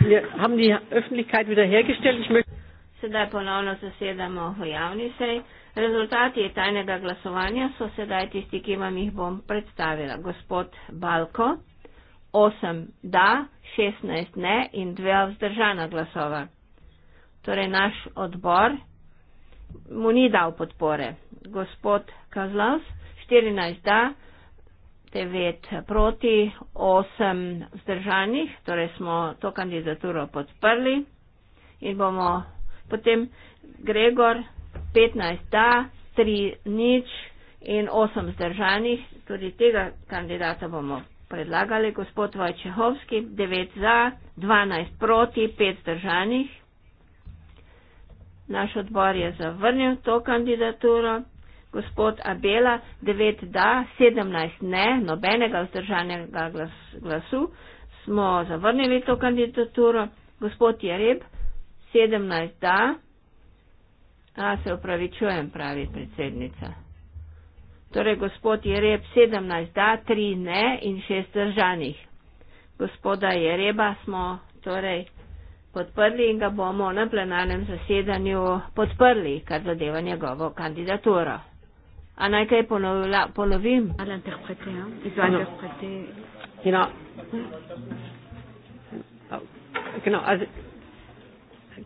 Wir ja, haben die Öffentlichkeit wiederhergestellt. Ich möchte sedaj ponovno zasedamo v javni sej. Rezultati tajnega glasovanja so sedaj tisti, ki vam jih bom predstavila. Gospod Balko, 8 da, 16 ne in 2 vzdržana glasova. Torej naš odbor mu ni dal podpore. Gospod Kazlaus, 14 da, devet proti, osem zdržanih, torej smo to kandidaturo podprli in bomo potem Gregor 15 da, 3 nič in osem zdržanih, tudi tega kandidata bomo predlagali, gospod Vojčehovski, 9 za, 12 proti, 5 zdržanih. Naš odbor je zavrnil to kandidaturo gospod Abela, 9 da, 17 ne, nobenega vzdržanega glasu, smo zavrnili to kandidaturo. Gospod Jereb, 17 da, a se upravičujem, pravi predsednica. Torej, gospod Jereb, 17 da, 3 ne in 6 zdržanih. Gospoda Jereba smo torej podprli in ga bomo na plenarnem zasedanju podprli, kar zadeva njegovo kandidaturo. A naj kaj ponovla, ponovim? Ah, no. oh,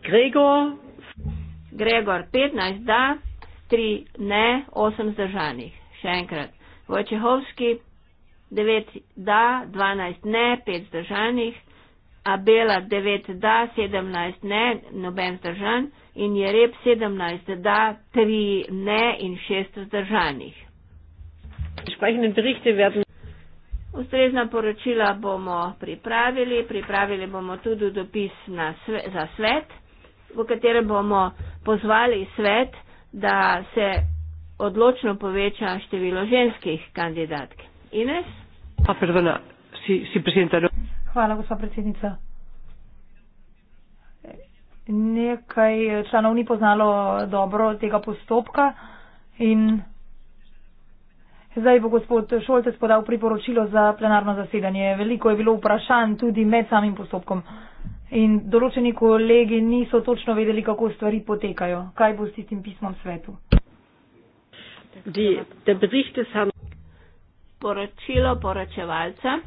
Gregor. Gregor, 15 da, 3 ne, 8 zdržanih. Še enkrat. Vojčehovski, 9 da, 12 ne, 5 zdržanih. Abela, 9 da, 17 ne, noben zdržan in je rep 17 da, 3 ne in 6 zdržanih. Ustrezna poročila bomo pripravili, pripravili bomo tudi dopis na sve, za svet, v katerem bomo pozvali svet, da se odločno poveča število ženskih kandidatk. Ines? Pa, ah, perdona, si, si Hvala, gospod predsednica nekaj članov ni poznalo dobro tega postopka in zdaj bo gospod Šoltes podal priporočilo za plenarno zasedanje. Veliko je bilo vprašanj tudi med samim postopkom in določeni kolegi niso točno vedeli, kako stvari potekajo. Kaj bo s tistim pismom svetu? Poročilo poročevalca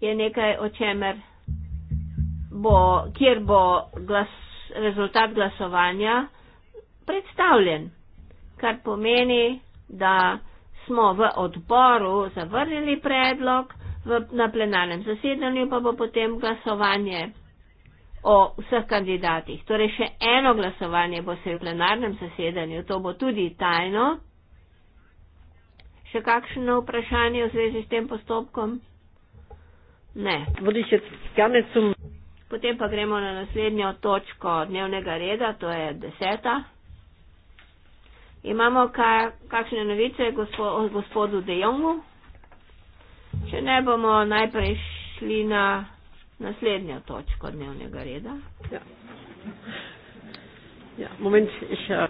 je nekaj, o čemer bo, kjer bo glas, rezultat glasovanja predstavljen. Kar pomeni, da smo v odboru zavrnili predlog, v, na plenarnem zasedanju pa bo potem glasovanje o vseh kandidatih. Torej še eno glasovanje bo se v plenarnem zasedanju, to bo tudi tajno. Še kakšno vprašanje v zvezi s tem postopkom? Ne. Würde ich jetzt gerne zum Potem pa gremo na naslednjo točko dnevnega reda, to je deseta. Imamo kaj, kakšne novice gospo, o gospodu De Jongu? Če ne, bomo najprej šli na naslednjo točko dnevnega reda. Ja. Ja, moment, še.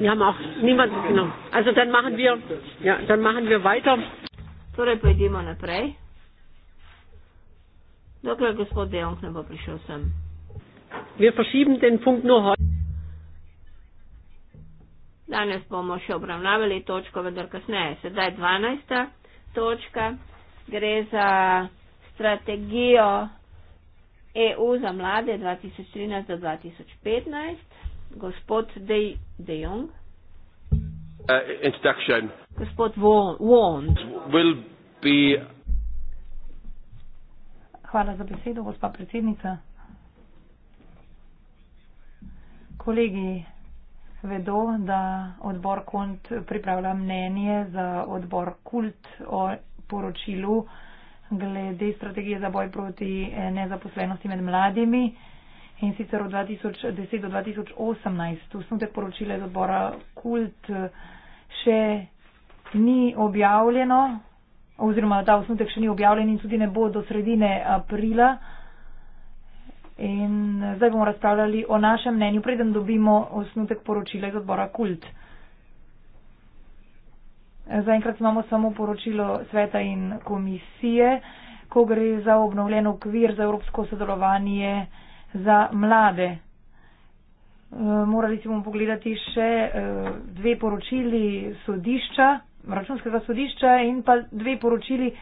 Wir haben auch niemanden genommen. Also dann machen wir, ja, dann machen wir weiter. Torej, pojdimo naprej. Dokler gospod Dejong ne bo prišel sem. Wir verschieben den Punkt nur heute. Danes bomo še obravnavali točko, vendar kasneje. Sedaj 12. točka. Gre za strategijo EU za mlade 2013-2015. Gospod De, De Jong. Uh, introduction. Gospod Wond. Will be. Hvala za besedo, gospa predsednica. Kolegi vedo, da odbor KONT pripravlja mnenje za odbor KULT o poročilu glede strategije za boj proti nezaposlenosti med mladimi. Uh, in sicer od 2010 do 2018. Osnutek poročila iz odbora Kult eh, še ni objavljeno, oziroma ta osnutek še ni objavljen in tudi ne bo do sredine aprila. In eh, zdaj bomo razpravljali o našem mnenju, preden dobimo osnutek poročila iz odbora Kult. Eh, zaenkrat imamo samo poročilo sveta in komisije, ko gre za obnovljen okvir za evropsko sodelovanje za mlade. E, morali smo pogledati še e, dve poročili sodišča, računskega sodišča in pa dve poročili,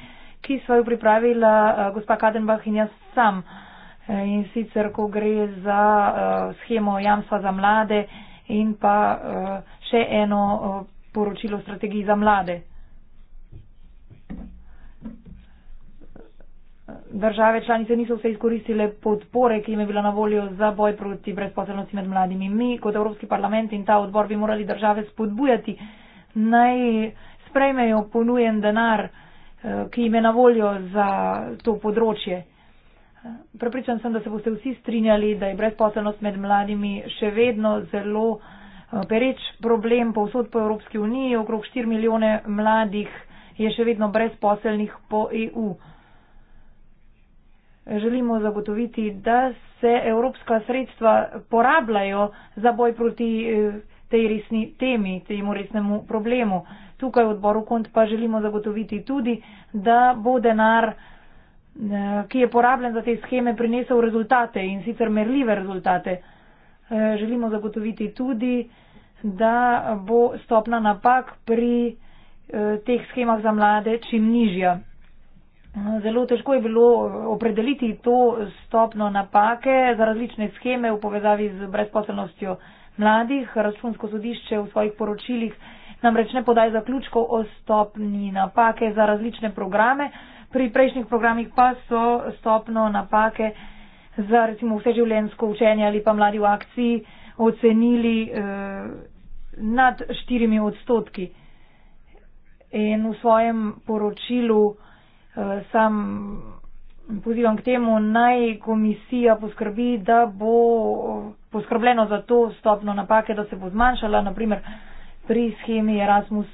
ki so jo pripravila e, gospa Kadenbach in jaz sam. In sicer, ko gre za schemo jamstva za mlade in pa še eno poročilo strategiji za mlade. države članice niso vse izkoristile podpore, ki jim je bila na voljo za boj proti brezposelnosti med mladimi. Mi kot Evropski parlament in ta odbor bi morali države spodbujati, naj sprejmejo ponujen denar, eh, ki jim je na voljo za to področje. Prepričan sem, da se boste vsi strinjali, da je brezposelnost med mladimi še vedno zelo eh, pereč problem povsod po Evropski uniji. Okrog 4 milijone mladih je še vedno brezposelnih po EU želimo zagotoviti, da se evropska sredstva porabljajo za boj proti eh, tej resni temi, temu resnemu problemu. Tukaj v odboru KONT pa želimo zagotoviti tudi, da bo denar, eh, ki je porabljen za te scheme, prinesel rezultate in sicer merljive rezultate. Eh, želimo zagotoviti tudi, da bo stopna napak pri teh schemah za mlade čim nižja. Zelo težko je bilo opredeliti to stopno napake za različne scheme v povezavi z brezposelnostjo mladih. Računsko sodišče v svojih poročilih namreč ne podaj zaključkov o stopni napake za različne programe. Pri prejšnjih programih pa so stopno napake za recimo vseživljensko učenje ali pa mladi v akciji ocenili eh, nad štirimi odstotki. In v svojem poročilu. Eh, sam pozivam k temu, naj komisija poskrbi, da bo eh, poskrbljeno za to stopno napake, da se bo zmanjšala, naprimer pri schemi Erasmus.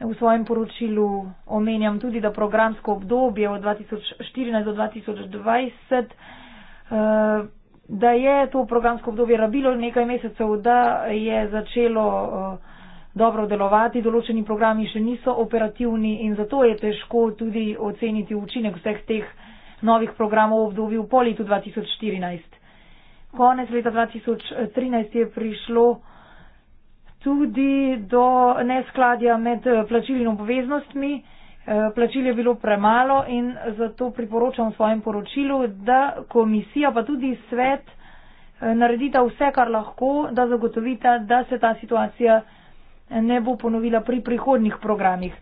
V svojem poročilu omenjam tudi, da programsko obdobje od 2014 do 2020 eh, da je to programsko obdobje rabilo nekaj mesecev, da je začelo uh, dobro delovati, določeni programi še niso operativni in zato je težko tudi oceniti učinek vseh teh novih programov v obdobju po letu 2014. Konec leta 2013 je prišlo tudi do neskladja med plačili in obveznostmi. Eh, plačil je bilo premalo in zato priporočam v svojem poročilu, da komisija pa tudi svet eh, naredita vse, kar lahko, da zagotovita, da se ta situacija ne bo ponovila pri prihodnih programih.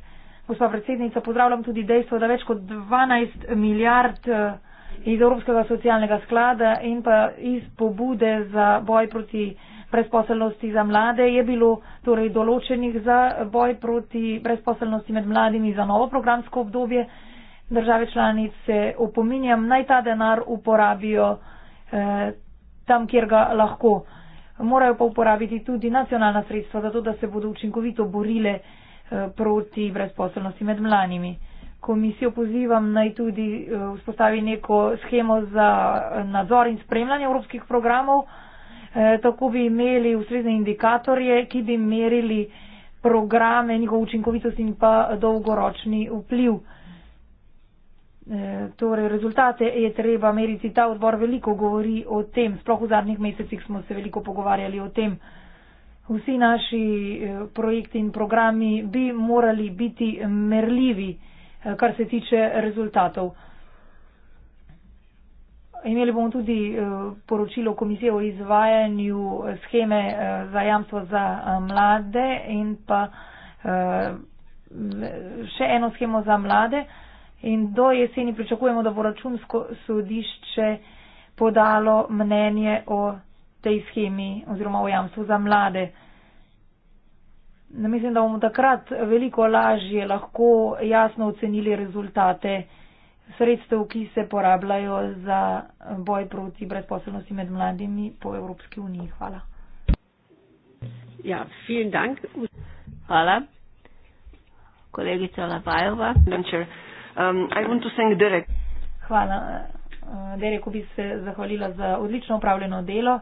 Gospa predsednica, pozdravljam tudi dejstvo, da več kot 12 milijard eh, iz Evropskega socialnega sklada in pa iz pobude za boj proti brezposelnosti za mlade je bilo torej določenih za boj proti brezposelnosti med mladimi za novo programsko obdobje. Države članice opominjam, naj ta denar uporabijo eh, tam, kjer ga lahko morajo pa uporabiti tudi nacionalna sredstva, zato da se bodo učinkovito borile eh, proti brezposelnosti med mladimi. Komisijo pozivam naj tudi eh, vzpostavi neko schemo za nadzor in spremljanje evropskih programov, eh, tako bi imeli ustrezne indikatorje, ki bi merili programe, njihov učinkovitost in pa dolgoročni vpliv. Eh, torej rezultate je treba meriti. Ta odbor veliko govori o tem, sploh v zadnjih mesecih smo se veliko pogovarjali o tem. Vsi naši eh, projekti in programi bi morali biti merljivi, eh, kar se tiče rezultatov. Imeli bomo tudi poročilo komisije o izvajanju scheme za jamstvo za mlade in pa še eno schemo za mlade in do jeseni pričakujemo, da bo računsko sodišče podalo mnenje o tej schemi oziroma o jamstvu za mlade. Mislim, da bomo takrat veliko lažje lahko jasno ocenili rezultate sredstev, ki se porabljajo za boj proti brezposobnosti med mladimi po Evropski uniji. Hvala. Ja, Hvala. Kolegica Lavajova. Lenčer. Um, Derek. Hvala. Eh, Dereku bi se zahvalila za odlično upravljeno delo.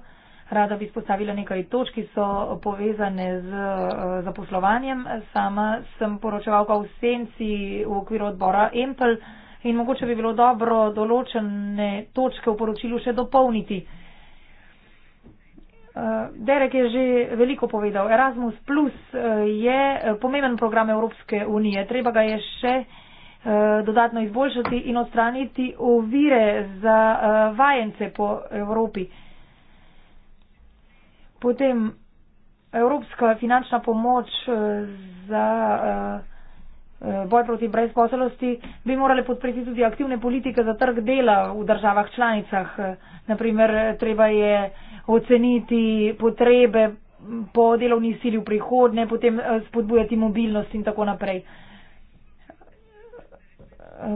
Rada bi spostavila nekaj točk, ki so povezane z eh, zaposlovanjem. Sama sem poročevalka v senci v okviru odbora Empel in mogoče bi bilo dobro določene točke v poročilu še dopolniti. Eh, Derek je že veliko povedal. Erasmus Plus je pomemben program Evropske unije. Treba ga je še Eh, dodatno izboljšati in odstraniti ovire za eh, vajence po Evropi. Potem evropska finančna pomoč eh, za boj proti brezposelosti bi morale podpreti tudi aktivne politike za trg dela v državah članicah. Naprimer, treba je oceniti potrebe po delovni sili v prihodne, potem spodbujati mobilnost in tako naprej.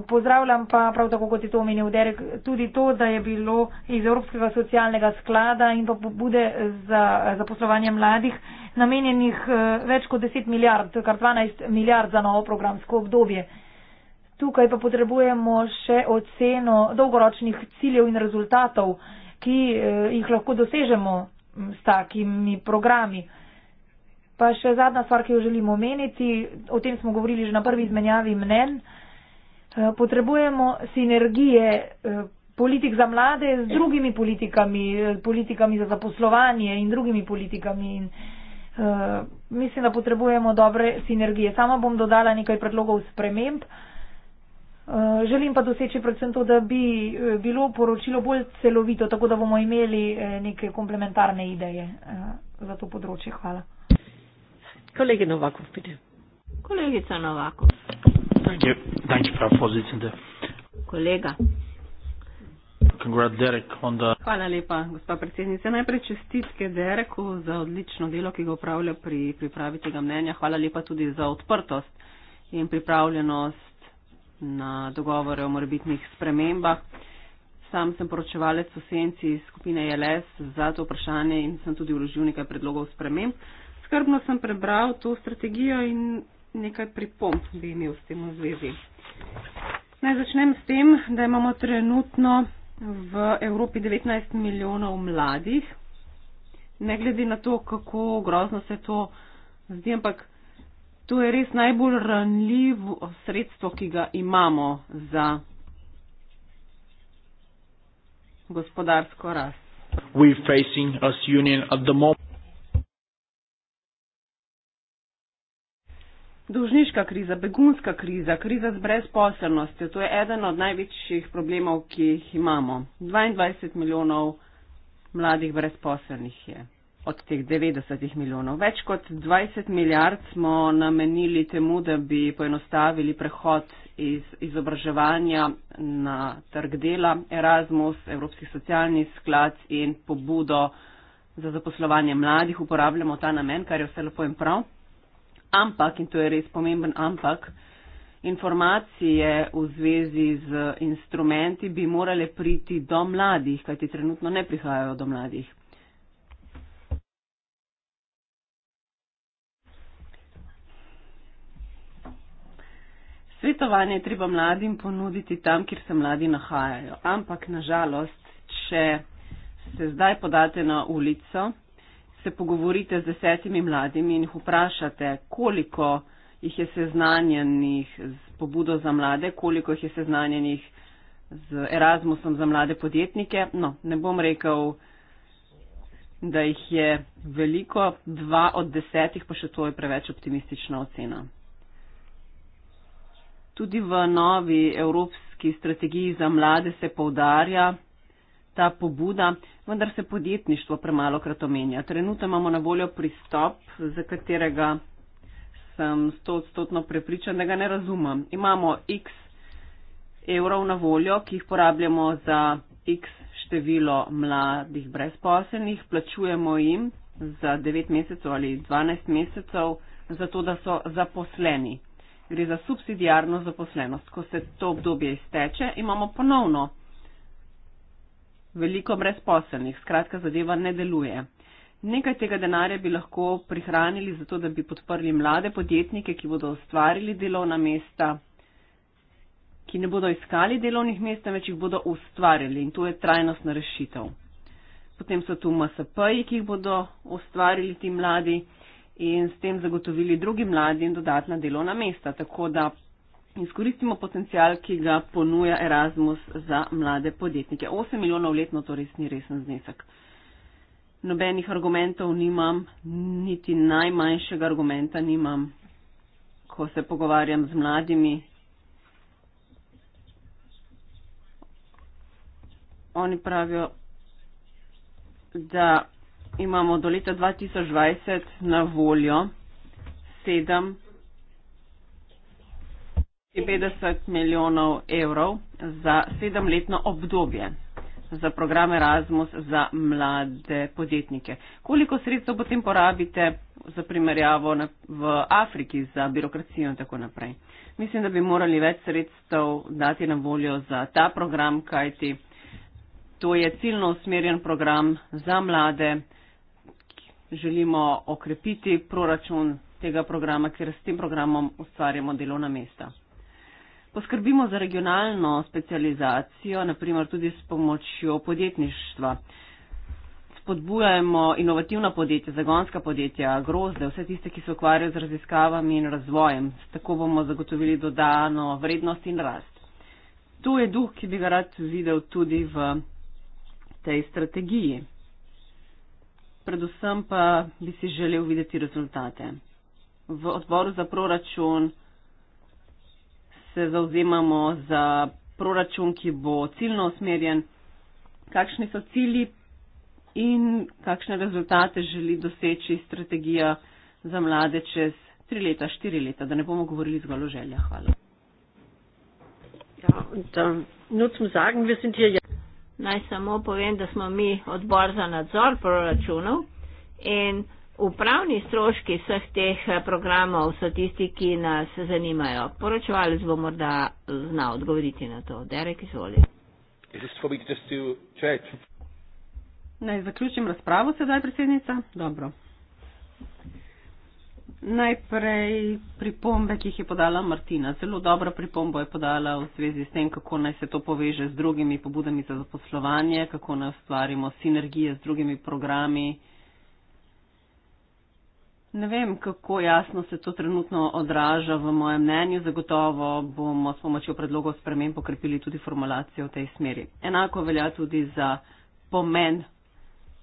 Pozdravljam pa, prav tako kot je to omenil Derek, tudi to, da je bilo iz Evropskega socialnega sklada in pa pobude za zaposlovanje mladih namenjenih eh, več kot 10 milijard, kar 12 milijard za novo programsko obdobje. Tukaj pa potrebujemo še oceno dolgoročnih ciljev in rezultatov, ki eh, jih lahko dosežemo s takimi programi. Pa še zadnja stvar, ki jo želim omeniti, o tem smo govorili že na prvi izmenjavi mnen. Eh, potrebujemo sinergije eh, politik za mlade z drugimi politikami, eh, politikami za zaposlovanje in drugimi politikami. In, uh, mislim, da potrebujemo dobre sinergije. Sama bom dodala nekaj predlogov sprememb. Uh, želim pa doseči predvsem to, da bi bilo poročilo bolj celovito, tako da bomo imeli neke komplementarne ideje uh, za to področje. Hvala. Kolegi Novakov, pridem. Kolegica Novakov. Danke, danke, Frau Vorsitzende. Kolega. Hvala lepa, gospa predsednica. Najprej čestitke Dereku za odlično delo, ki ga upravlja pri pripravi tega mnenja. Hvala lepa tudi za odprtost in pripravljenost na dogovore o morbitnih spremembah. Sam sem poročevalec v senci skupine JLS za to vprašanje in sem tudi uložil nekaj predlogov sprememb. Skrbno sem prebral to strategijo in nekaj pripomb bi imel s tem v zvezi. Naj začnem s tem, da imamo trenutno v Evropi 19 milijonov mladih. Ne glede na to, kako grozno se to zdi, ampak to je res najbolj ranljivo sredstvo, ki ga imamo za gospodarsko rast. Dolžniška kriza, begunska kriza, kriza z brezposelnostjo, to je eden od največjih problemov, ki jih imamo. 22 milijonov mladih brezposelnih je od teh 90 milijonov. Več kot 20 milijard smo namenili temu, da bi poenostavili prehod iz izobraževanja na trg dela, Erasmus, Evropski socialni sklad in pobudo za zaposlovanje mladih. Uporabljamo ta namen, kar je vse lepo in prav. Ampak, in to je res pomemben ampak, informacije v zvezi z instrumenti bi morale priti do mladih, kajti trenutno ne prihajajo do mladih. Svetovanje je treba mladim ponuditi tam, kjer se mladi nahajajo. Ampak, nažalost, če se zdaj podate na ulico, se pogovorite z desetimi mladimi in jih vprašate, koliko jih je seznanjenih z pobudo za mlade, koliko jih je seznanjenih z Erasmusom za mlade podjetnike. No, ne bom rekel, da jih je veliko, dva od desetih, pa še to je preveč optimistična ocena. Tudi v novi evropski strategiji za mlade se poudarja, ta pobuda, vendar se podjetništvo premalo krat omenja. Trenutno imamo na voljo pristop, za katerega sem stotstotno prepričan, da ga ne razumem. Imamo x evrov na voljo, ki jih porabljamo za x število mladih brezposelnih, plačujemo jim za 9 mesecev ali 12 mesecev, zato da so zaposleni. Gre za subsidijarno zaposlenost. Ko se to obdobje izteče, imamo ponovno veliko brezposelnih, skratka zadeva ne deluje. Nekaj tega denarja bi lahko prihranili zato, da bi podprli mlade podjetnike, ki bodo ustvarili delovna mesta, ki ne bodo iskali delovnih mest, ampak jih bodo ustvarili in to je trajnostna rešitev. Potem so tu MSP-ji, ki jih bodo ustvarili ti mladi in s tem zagotovili drugi mladi in dodatna delovna mesta. Tako da izkoristimo potencial, ki ga ponuja Erasmus za mlade podjetnike. 8 milijonov letno to res ni resen znesek. Nobenih argumentov nimam, niti najmanjšega argumenta nimam, ko se pogovarjam z mladimi. Oni pravijo, da imamo do leta 2020 na voljo 7 50 milijonov evrov za sedemletno obdobje za program Erasmus za mlade podjetnike. Koliko sredstev potem porabite za primerjavo na, v Afriki za birokracijo in tako naprej? Mislim, da bi morali več sredstev dati na voljo za ta program, kajti to je ciljno usmerjen program za mlade. Želimo okrepiti proračun tega programa, ker s tem programom ustvarjamo delovna mesta poskrbimo za regionalno specializacijo, naprimer tudi s pomočjo podjetništva. Spodbujajmo inovativna podjetja, zagonska podjetja, grozde, vse tiste, ki se ukvarjajo z raziskavami in razvojem. Tako bomo zagotovili dodano vrednost in rast. To je duh, ki bi ga rad videl tudi v tej strategiji. Predvsem pa bi si želel videti rezultate. V odboru za proračun se zauzemamo za proračun, ki bo ciljno usmerjen, kakšni so cilji in kakšne rezultate želi doseči strategija za mlade čez tri leta, štiri leta, da ne bomo govorili zgolj o želja. Hvala. Ja, da, sagen, hier, ja. Naj samo povem, da smo mi odbor za nadzor proračunov in Upravni stroški vseh teh eh, programov so tisti, ki nas zanimajo. Poročevalec bo morda znal odgovoriti na to. Derek, izvoli. Naj zaključim razpravo sedaj, predsednica. Dobro. Najprej pripombe, ki jih je podala Martina. Zelo dobro pripombo je podala v zvezi s tem, kako naj se to poveže z drugimi pobudami za zaposlovanje, kako naj ustvarimo sinergije z drugimi programi. Ne vem, kako jasno se to trenutno odraža v mojem mnenju. Zagotovo bomo s pomočjo predlogov spremen pokrepili tudi formulacijo v tej smeri. Enako velja tudi za pomen,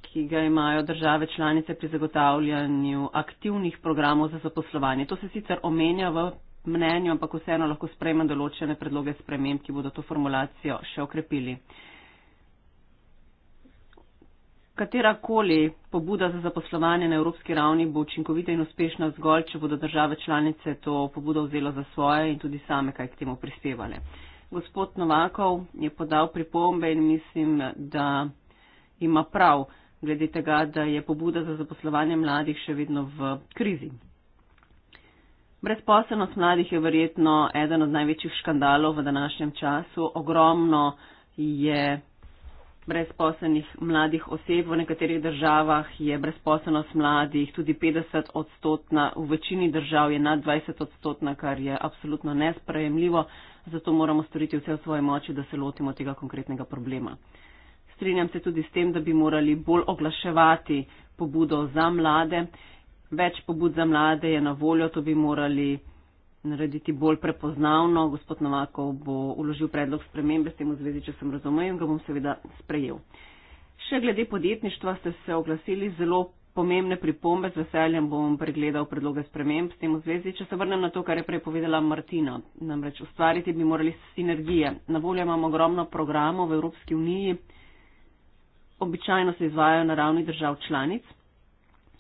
ki ga imajo države članice pri zagotavljanju aktivnih programov za zaposlovanje. To se sicer omenja v mnenju, ampak vseeno lahko sprejme določene predloge sprememb, ki bodo to formulacijo še okrepili. Katera koli pobuda za zaposlovanje na evropski ravni bo učinkovita in uspešna zgolj, če bodo države članice to pobudo vzelo za svoje in tudi same kaj k temu prispevale. Gospod Novakov je podal pripombe in mislim, da ima prav glede tega, da je pobuda za zaposlovanje mladih še vedno v krizi. Brezposelnost mladih je verjetno eden od največjih škandalov v današnjem času. Ogromno je brezposelnih mladih oseb. V nekaterih državah je brezposelnost mladih tudi 50 odstotna, v večini držav je nad 20 odstotna, kar je absolutno nesprejemljivo. Zato moramo storiti vse v svoji moči, da se lotimo tega konkretnega problema. Strinjam se tudi s tem, da bi morali bolj oglaševati pobudo za mlade. Več pobud za mlade je na voljo, to bi morali narediti bolj prepoznavno. Gospod Novakov bo uložil predlog spremembe s tem v zvezi, če sem razumel in ga bom seveda sprejel. Še glede podjetništva ste se oglasili zelo pomembne pripombe. Z veseljem bom pregledal predloge sprememb s tem v zvezi. Če se vrnem na to, kar je prej povedala Martina, namreč ustvariti bi morali sinergije. Na voljo imamo ogromno programov v Evropski uniji. Običajno se izvajajo na ravni držav članic.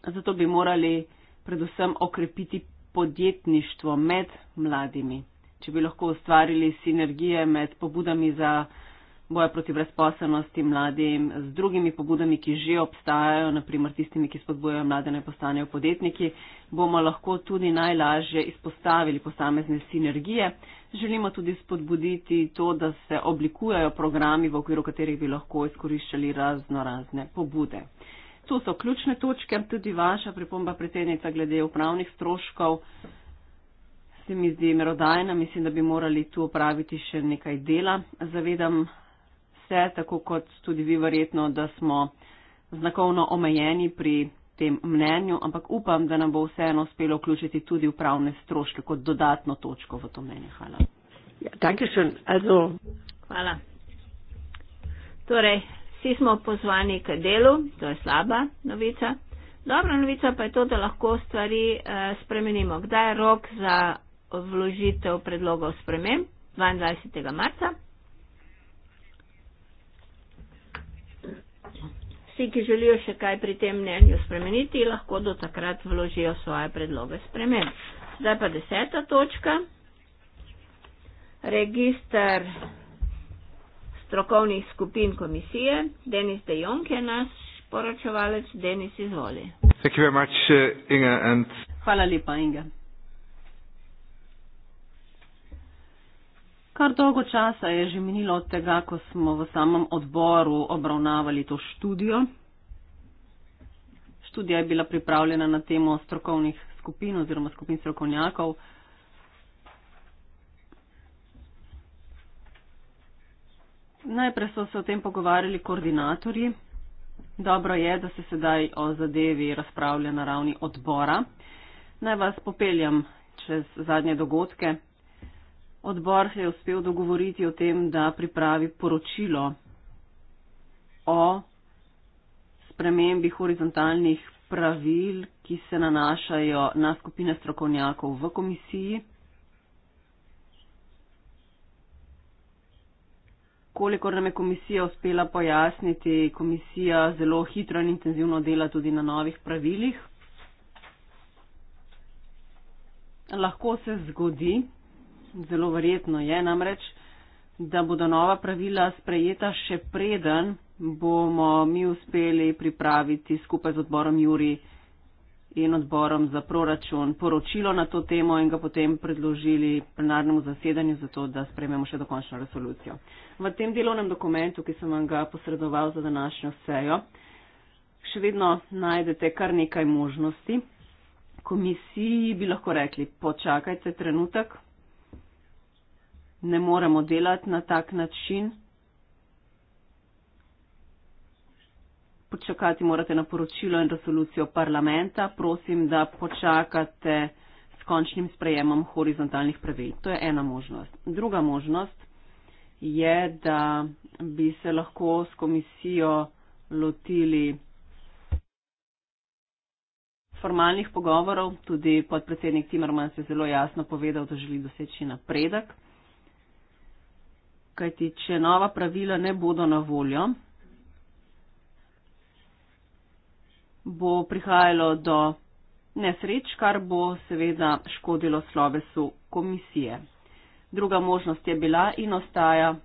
Zato bi morali predvsem okrepiti podjetništvo med mladimi, če bi lahko ustvarili sinergije med pobudami za boja proti brezposelnosti mladim, z drugimi pobudami, ki že obstajajo, naprimer tistimi, ki spodbujajo mlade, ne postanejo podjetniki, bomo lahko tudi najlažje izpostavili posamezne sinergije. Želimo tudi spodbuditi to, da se oblikujajo programi, v okviru katerih bi lahko izkoriščali razno razne pobude. To so ključne točke, tudi vaša pripomba predsednica glede upravnih stroškov se mi zdi merodajna. Mislim, da bi morali tu opraviti še nekaj dela. Zavedam se, tako kot tudi vi verjetno, da smo znakovno omejeni pri tem mnenju, ampak upam, da nam bo vseeno uspelo vključiti tudi upravne stroške kot dodatno točko v to mnenje. Hvala. Ja, Hvala. Torej, Vsi smo pozvani k delu, to je slaba novica. Dobra novica pa je to, da lahko stvari eh, spremenimo. Kdaj je rok za vložitev predlogov sprememb? 22. marca. Vsi, ki želijo še kaj pri tem mnenju spremeniti, lahko do takrat vložijo svoje predloge sprememb. Zdaj pa deseta točka. Register strokovnih skupin komisije. Denis De Jong je naš poročevalec. Denis, izvoli. Much, uh, Inga, and... Hvala lepa, Inga. Kar dolgo časa je že minilo od tega, ko smo v samem odboru obravnavali to študijo. Študija je bila pripravljena na temo strokovnih skupin oziroma skupin strokovnjakov, Najprej so se o tem pogovarjali koordinatorji. Dobro je, da se sedaj o zadevi razpravlja na ravni odbora. Naj vas popeljem čez zadnje dogodke. Odbor se je uspel dogovoriti o tem, da pripravi poročilo o spremembi horizontalnih pravil, ki se nanašajo na skupine strokovnjakov v komisiji. kolikor nam je komisija uspela pojasniti, komisija zelo hitro in intenzivno dela tudi na novih pravilih. Lahko se zgodi, zelo verjetno je namreč, da bodo nova pravila sprejeta še preden bomo mi uspeli pripraviti skupaj z odborom Juri in odborom za proračun poročilo na to temo in ga potem predložili plenarnemu zasedanju, zato da sprememo še dokončno resolucijo. V tem delovnem dokumentu, ki sem vam ga posredoval za današnjo sejo, še vedno najdete kar nekaj možnosti. Komisiji bi lahko rekli, počakajte trenutek, ne moremo delati na tak način. počakati morate na poročilo in resolucijo parlamenta, prosim, da počakate s končnim sprejemom horizontalnih pravil. To je ena možnost. Druga možnost je, da bi se lahko s komisijo lotili formalnih pogovorov. Tudi podpredsednik Timmermans je zelo jasno povedal, da želi doseči napredek. Kajti, če nova pravila ne bodo na voljo, bo prihajalo do nesreč, kar bo seveda škodilo slovesu komisije. Druga možnost je bila in ostaja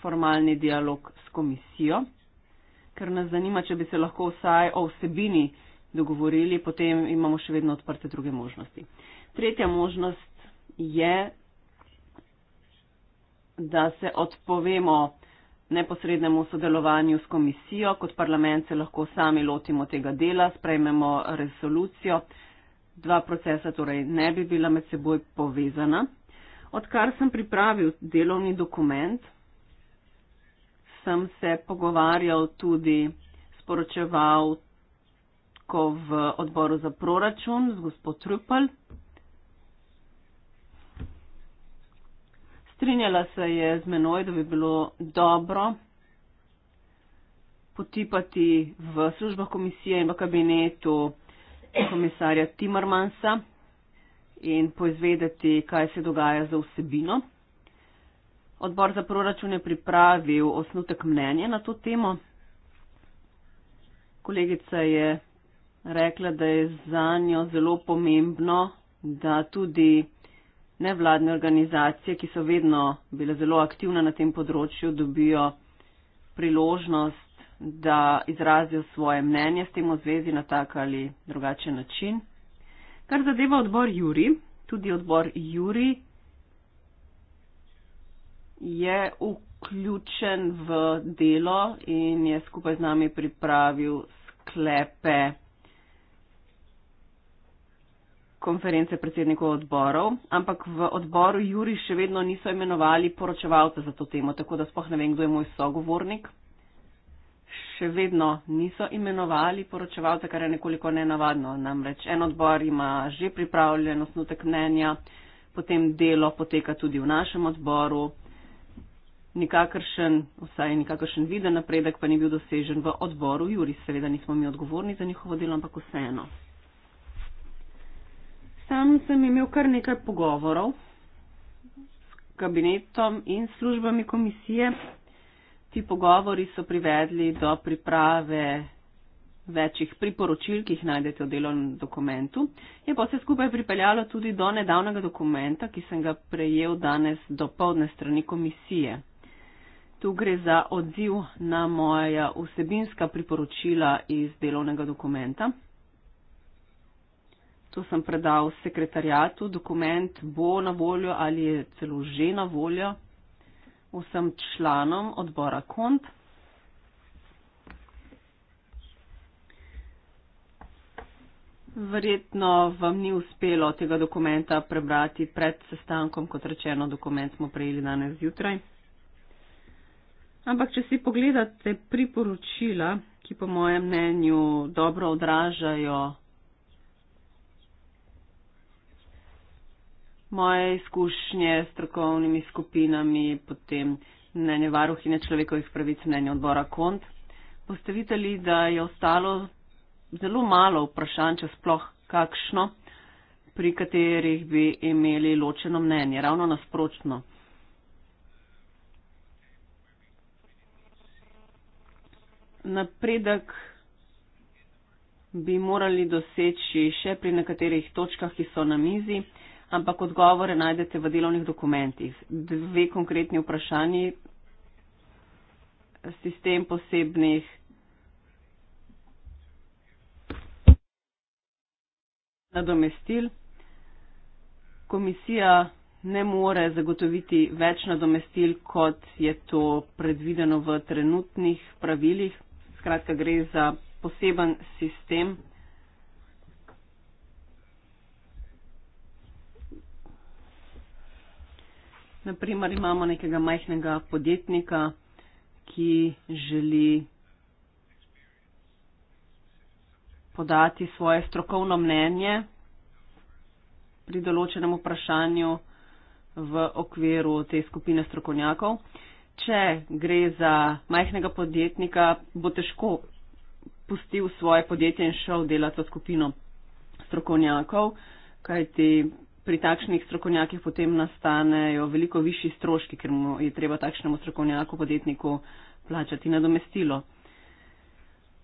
formalni dialog s komisijo, ker nas zanima, če bi se lahko vsaj o vsebini dogovorili, potem imamo še vedno odprte druge možnosti. Tretja možnost je, da se odpovemo neposrednemu sodelovanju s komisijo, kot parlament se lahko sami lotimo tega dela, sprejmemo resolucijo. Dva procesa torej ne bi bila med seboj povezana. Odkar sem pripravil delovni dokument, sem se pogovarjal tudi sporočeval ko v odboru za proračun z gospod Trupel. Strinjala se je z menoj, da bi bilo dobro potipati v službah komisije in v kabinetu komisarja Timmermansa in poizvedeti, kaj se dogaja za vsebino. Odbor za proračun je pripravil osnutek mnenja na to temo. Kolegica je rekla, da je za njo zelo pomembno, da tudi nevladne organizacije, ki so vedno bile zelo aktivne na tem področju, dobijo priložnost, da izrazijo svoje mnenje s tem v zvezi na tak ali drugačen način. Kar zadeva odbor Juri, tudi odbor Juri je vključen v delo in je skupaj z nami pripravil sklepe konference predsednikov odborov, ampak v odboru Juri še vedno niso imenovali poročevalce za to temo, tako da spoh ne vem, kdo je moj sogovornik. Še vedno niso imenovali poročevalce, kar je nekoliko nenavadno. Namreč en odbor ima že pripravljen osnutek mnenja, potem delo poteka tudi v našem odboru. Nikakršen, vsaj nikakršen viden napredek pa ni bil dosežen v odboru Juri. Seveda nismo mi odgovorni za njihovo delo, ampak vseeno sam sem imel kar nekaj pogovorov s kabinetom in službami komisije. Ti pogovori so privedli do priprave večjih priporočil, ki jih najdete v delovnem dokumentu. Je pa vse skupaj pripeljalo tudi do nedavnega dokumenta, ki sem ga prejel danes do povdne strani komisije. Tu gre za odziv na moja vsebinska priporočila iz delovnega dokumenta mestu, sem predal sekretarjatu, dokument bo na voljo ali je celo že na voljo vsem članom odbora KONT. Verjetno vam ni uspelo tega dokumenta prebrati pred sestankom, kot rečeno, dokument smo prejeli danes zjutraj. Ampak, če si pogledate priporočila, ki po mojem mnenju dobro odražajo moje izkušnje s strokovnimi skupinami, potem mnenje varuhine človekovih pravic, mnenje odbora kont, boste videli, da je ostalo zelo malo vprašanj, če sploh kakšno, pri katerih bi imeli ločeno mnenje, ravno nasprotno. Napredek bi morali doseči še pri nekaterih točkah, ki so na mizi, ampak odgovore najdete v delovnih dokumentih. Dve konkretni vprašanji. Sistem posebnih. Nadomestil. Komisija ne more zagotoviti več nadomestil, kot je to predvideno v trenutnih pravilih. Skratka, gre za poseben sistem. Naprimer, imamo nekega majhnega podjetnika, ki želi podati svoje strokovno mnenje pri določenem vprašanju v okviru te skupine strokovnjakov. Če gre za majhnega podjetnika, bo težko pustil svoje podjetje in šel delati v skupino strokovnjakov, kajti pri takšnih strokovnjakih potem nastanejo veliko višji stroški, ker mu je treba takšnemu strokovnjaku, podjetniku plačati nadomestilo.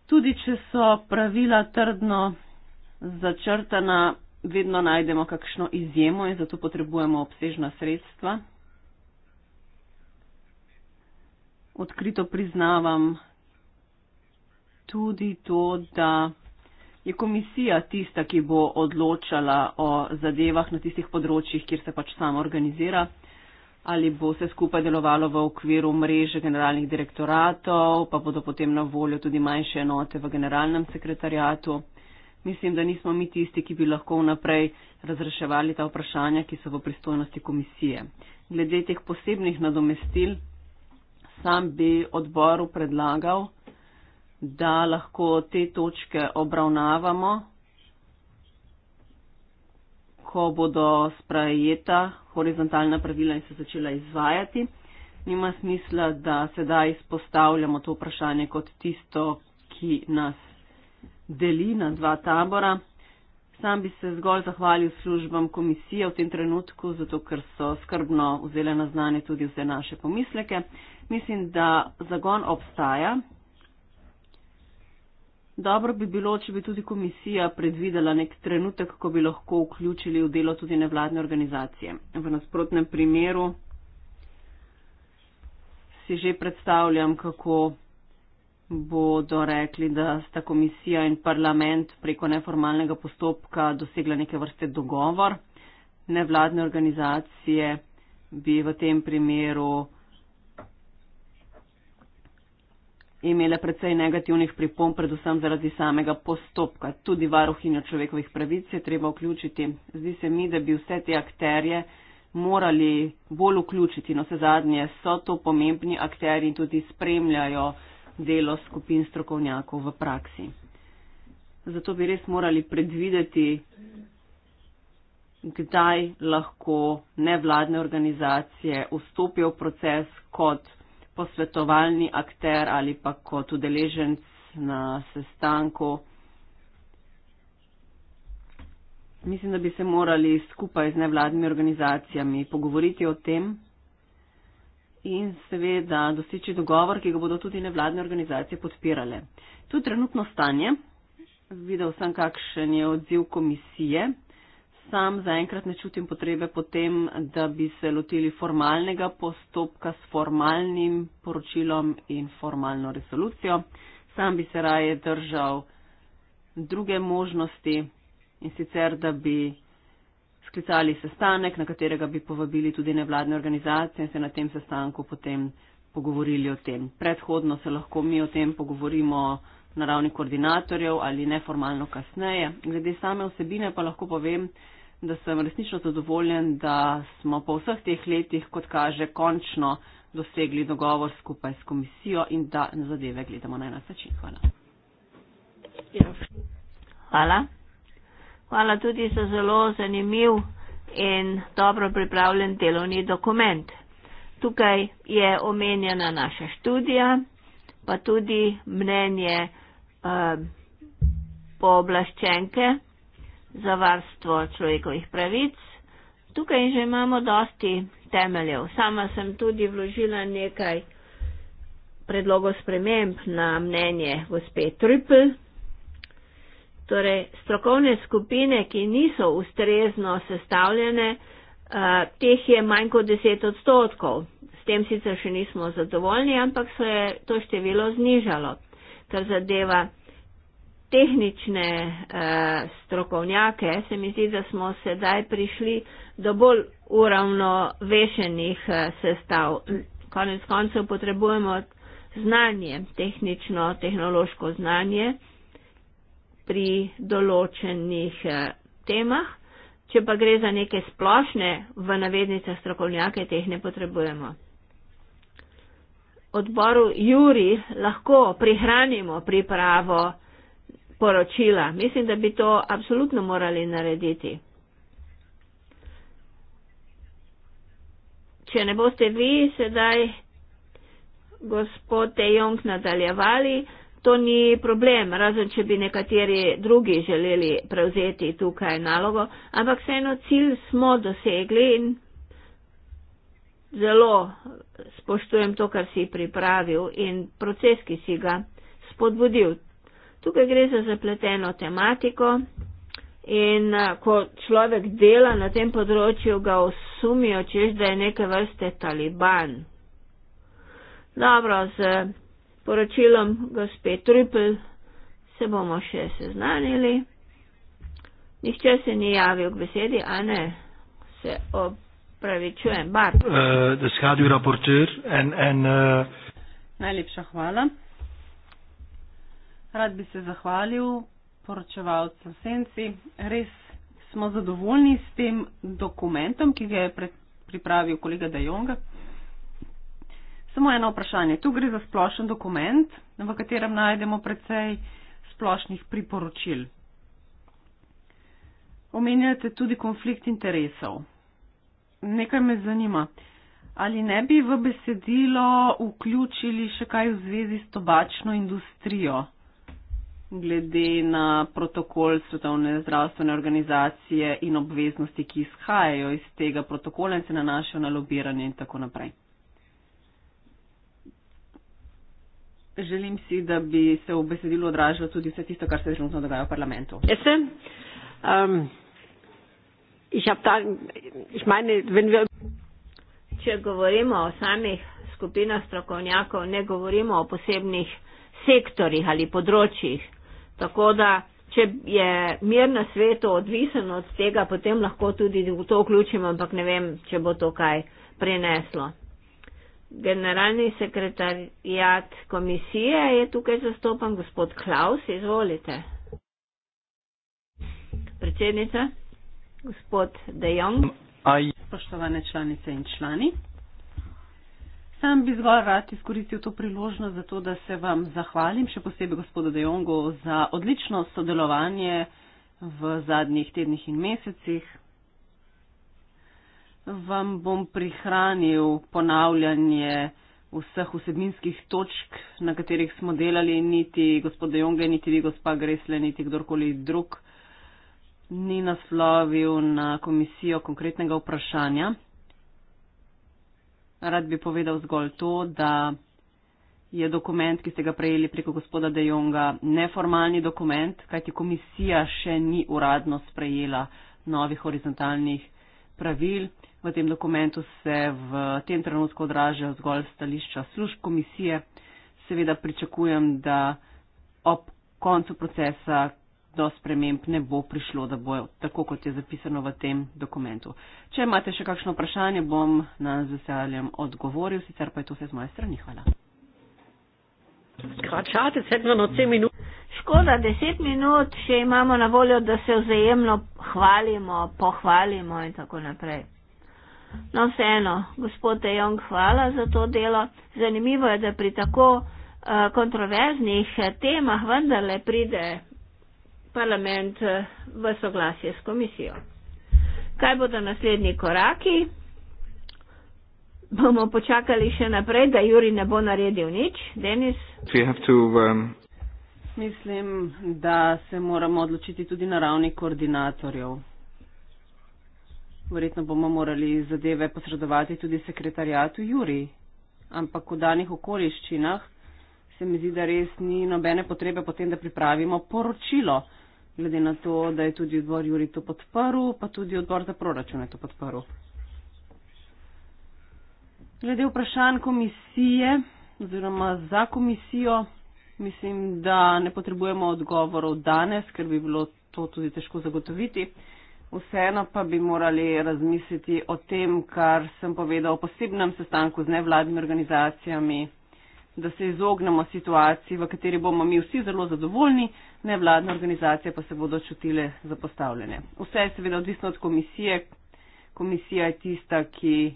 Tudi, če so pravila trdno začrtana, vedno najdemo kakšno izjemo in zato potrebujemo obsežna sredstva. Odkrito priznavam tudi to, da je komisija tista, ki bo odločala o zadevah na tistih področjih, kjer se pač sama organizira? Ali bo vse skupaj delovalo v okviru mreže generalnih direktoratov, pa bodo potem na voljo tudi manjše enote v generalnem sekretarjatu? Mislim, da nismo mi tisti, ki bi lahko vnaprej razreševali ta vprašanja, ki so v pristojnosti komisije. Glede teh posebnih nadomestil, sam bi odboru predlagal, da lahko te točke obravnavamo, ko bodo sprejeta horizontalna pravila in se začela izvajati. Nima smisla, da sedaj izpostavljamo to vprašanje kot tisto, ki nas deli na dva tabora. Sam bi se zgolj zahvalil službam komisije v tem trenutku, zato ker so skrbno vzele na znanje tudi vse naše pomisleke. Mislim, da zagon obstaja Dobro bi bilo, če bi tudi komisija predvidela nek trenutek, ko bi lahko vključili v delo tudi nevladne organizacije. V nasprotnem primeru si že predstavljam, kako bodo rekli, da sta komisija in parlament preko neformalnega postopka dosegla neke vrste dogovor. Nevladne organizacije bi v tem primeru imele predvsej negativnih pripomb, predvsem zaradi samega postopka. Tudi varuhinjo človekovih pravic je treba vključiti. Zdi se mi, da bi vse te akterje morali bolj vključiti. No se zadnje so to pomembni akteri in tudi spremljajo delo skupin strokovnjakov v praksi. Zato bi res morali predvideti, kdaj lahko nevladne organizacije vstopijo v proces kot posvetovalni akter ali pa kot udeleženc na sestanku. Mislim, da bi se morali skupaj z nevladnimi organizacijami pogovoriti o tem in seveda doseči dogovor, ki ga bodo tudi nevladne organizacije podpirale. To je trenutno stanje. Videl sem, kakšen je odziv komisije. Sam zaenkrat ne čutim potrebe potem, da bi se lotili formalnega postopka s formalnim poročilom in formalno resolucijo. Sam bi se raje držal druge možnosti in sicer, da bi sklicali sestanek, na katerega bi povabili tudi nevladne organizacije in se na tem sestanku potem pogovorili o tem. Predhodno se lahko mi o tem pogovorimo na ravni koordinatorjev ali neformalno kasneje. Glede same vsebine pa lahko povem, da sem resnično zadovoljen, da smo po vseh teh letih, kot kaže, končno dosegli dogovor skupaj s komisijo in da na zadeve gledamo na enak način. Hvala. Ja. Hvala. Hvala tudi za zelo zanimiv in dobro pripravljen delovni dokument. Tukaj je omenjena naša študija, pa tudi mnenje eh, pooblaščenke. Po za varstvo človekovih pravic. Tukaj že imamo dosti temeljev. Sama sem tudi vložila nekaj predlogov sprememb na mnenje gospe Trippel. Torej, strokovne skupine, ki niso ustrezno sestavljene, eh, teh je manj kot 10 odstotkov. S tem sicer še nismo zadovoljni, ampak se je to število znižalo, kar zadeva tehnične eh, strokovnjake, se mi zdi, da smo sedaj prišli do bolj uravnovešenih eh, sestav. Konec koncev potrebujemo znanje, tehnično, tehnološko znanje pri določenih eh, temah. Če pa gre za neke splošne v navednicah strokovnjake, teh ne potrebujemo. Odboru Juri lahko prihranimo pripravo poročila. Mislim, da bi to absolutno morali narediti. Če ne boste vi sedaj, gospod Tejong, nadaljevali, to ni problem, razen če bi nekateri drugi želeli prevzeti tukaj nalogo, ampak vseeno cilj smo dosegli in zelo spoštujem to, kar si pripravil in proces, ki si ga spodbudil. Tukaj gre za zapleteno tematiko in eh, ko človek dela na tem področju, ga osumijo, češ da je neke vrste taliban. Dobro, z poročilom gospe Triple se bomo še seznanili. Nihče se ni javil k besedi, a ne se opravičujem. Uh, en, en, uh... Najlepša hvala. Rad bi se zahvalil poročevalcu Senci. Res smo zadovoljni s tem dokumentom, ki ga je pripravil kolega Dajonga. Samo eno vprašanje. Tu gre za splošen dokument, v katerem najdemo precej splošnih priporočil. Omenjate tudi konflikt interesov. Nekaj me zanima. Ali ne bi v besedilo vključili še kaj v zvezi s tobačno industrijo? glede na protokol Svetovne zdravstvene organizacije in obveznosti, ki izhajajo iz tega protokola in se nanašajo na lobiranje in tako naprej. Želim si, da bi se v besedilu odražalo tudi vse tisto, kar se trenutno dogaja v parlamentu. Um, Če govorimo o samih skupinah strokovnjakov, ne govorimo o posebnih sektorjih ali področjih, Tako da, če je mir na svetu odvisen od tega, potem lahko tudi v to vključimo, ampak ne vem, če bo to kaj prineslo. Generalni sekretarjat komisije je tukaj zastopan, gospod Klaus, izvolite. Predsednica, gospod Dejong. Spoštovane članice in člani. Sam bi zgolj rad izkoristil to priložnost za to, da se vam zahvalim, še posebej gospodu Dejongu, za odlično sodelovanje v zadnjih tednih in mesecih. Vam bom prihranil ponavljanje vseh vsebinskih točk, na katerih smo delali, niti gospod Dejonge, niti vi, gospa Gresle, niti kdorkoli drug ni naslovil na komisijo konkretnega vprašanja. Rad bi povedal zgolj to, da je dokument, ki ste ga prejeli preko gospoda De Jonga, neformalni dokument, kajti komisija še ni uradno sprejela novih horizontalnih pravil. V tem dokumentu se v tem trenutku odražajo zgolj stališča služb komisije. Seveda pričakujem, da ob koncu procesa, do sprememb ne bo prišlo, da bojo tako, kot je zapisano v tem dokumentu. Če imate še kakšno vprašanje, bom na veseljem odgovoril, sicer pa je to vse z moje strani. Hvala. Skračate, Škoda, deset minut še imamo na voljo, da se vzajemno hvalimo, pohvalimo in tako naprej. No vseeno, gospod Dejong, hvala za to delo. Zanimivo je, da pri tako uh, kontroverznih eh, temah vendarle pride parlament eh, v soglasje s komisijo. Kaj bodo naslednji koraki? Bomo počakali še naprej, da Juri ne bo naredil nič. Denis? Um, Mislim, da se moramo odločiti tudi na ravni koordinatorjev. Verjetno bomo morali zadeve posredovati tudi sekretarjatu Juri, ampak v danih okoliščinah se mi zdi, da res ni nobene potrebe potem, da pripravimo poročilo glede na to, da je tudi odbor Juri to podporil, pa tudi odbor za proračun je to podporil. Glede vprašanj komisije oziroma za komisijo, mislim, da ne potrebujemo odgovorov danes, ker bi bilo to tudi težko zagotoviti. Vseeno pa bi morali razmisliti o tem, kar sem povedal o posebnem sestanku z nevladnimi organizacijami da se izognemo situaciji, v kateri bomo mi vsi zelo zadovoljni, nevladne organizacije pa se bodo čutile zapostavljene. Vse je seveda odvisno od komisije. Komisija je tista, ki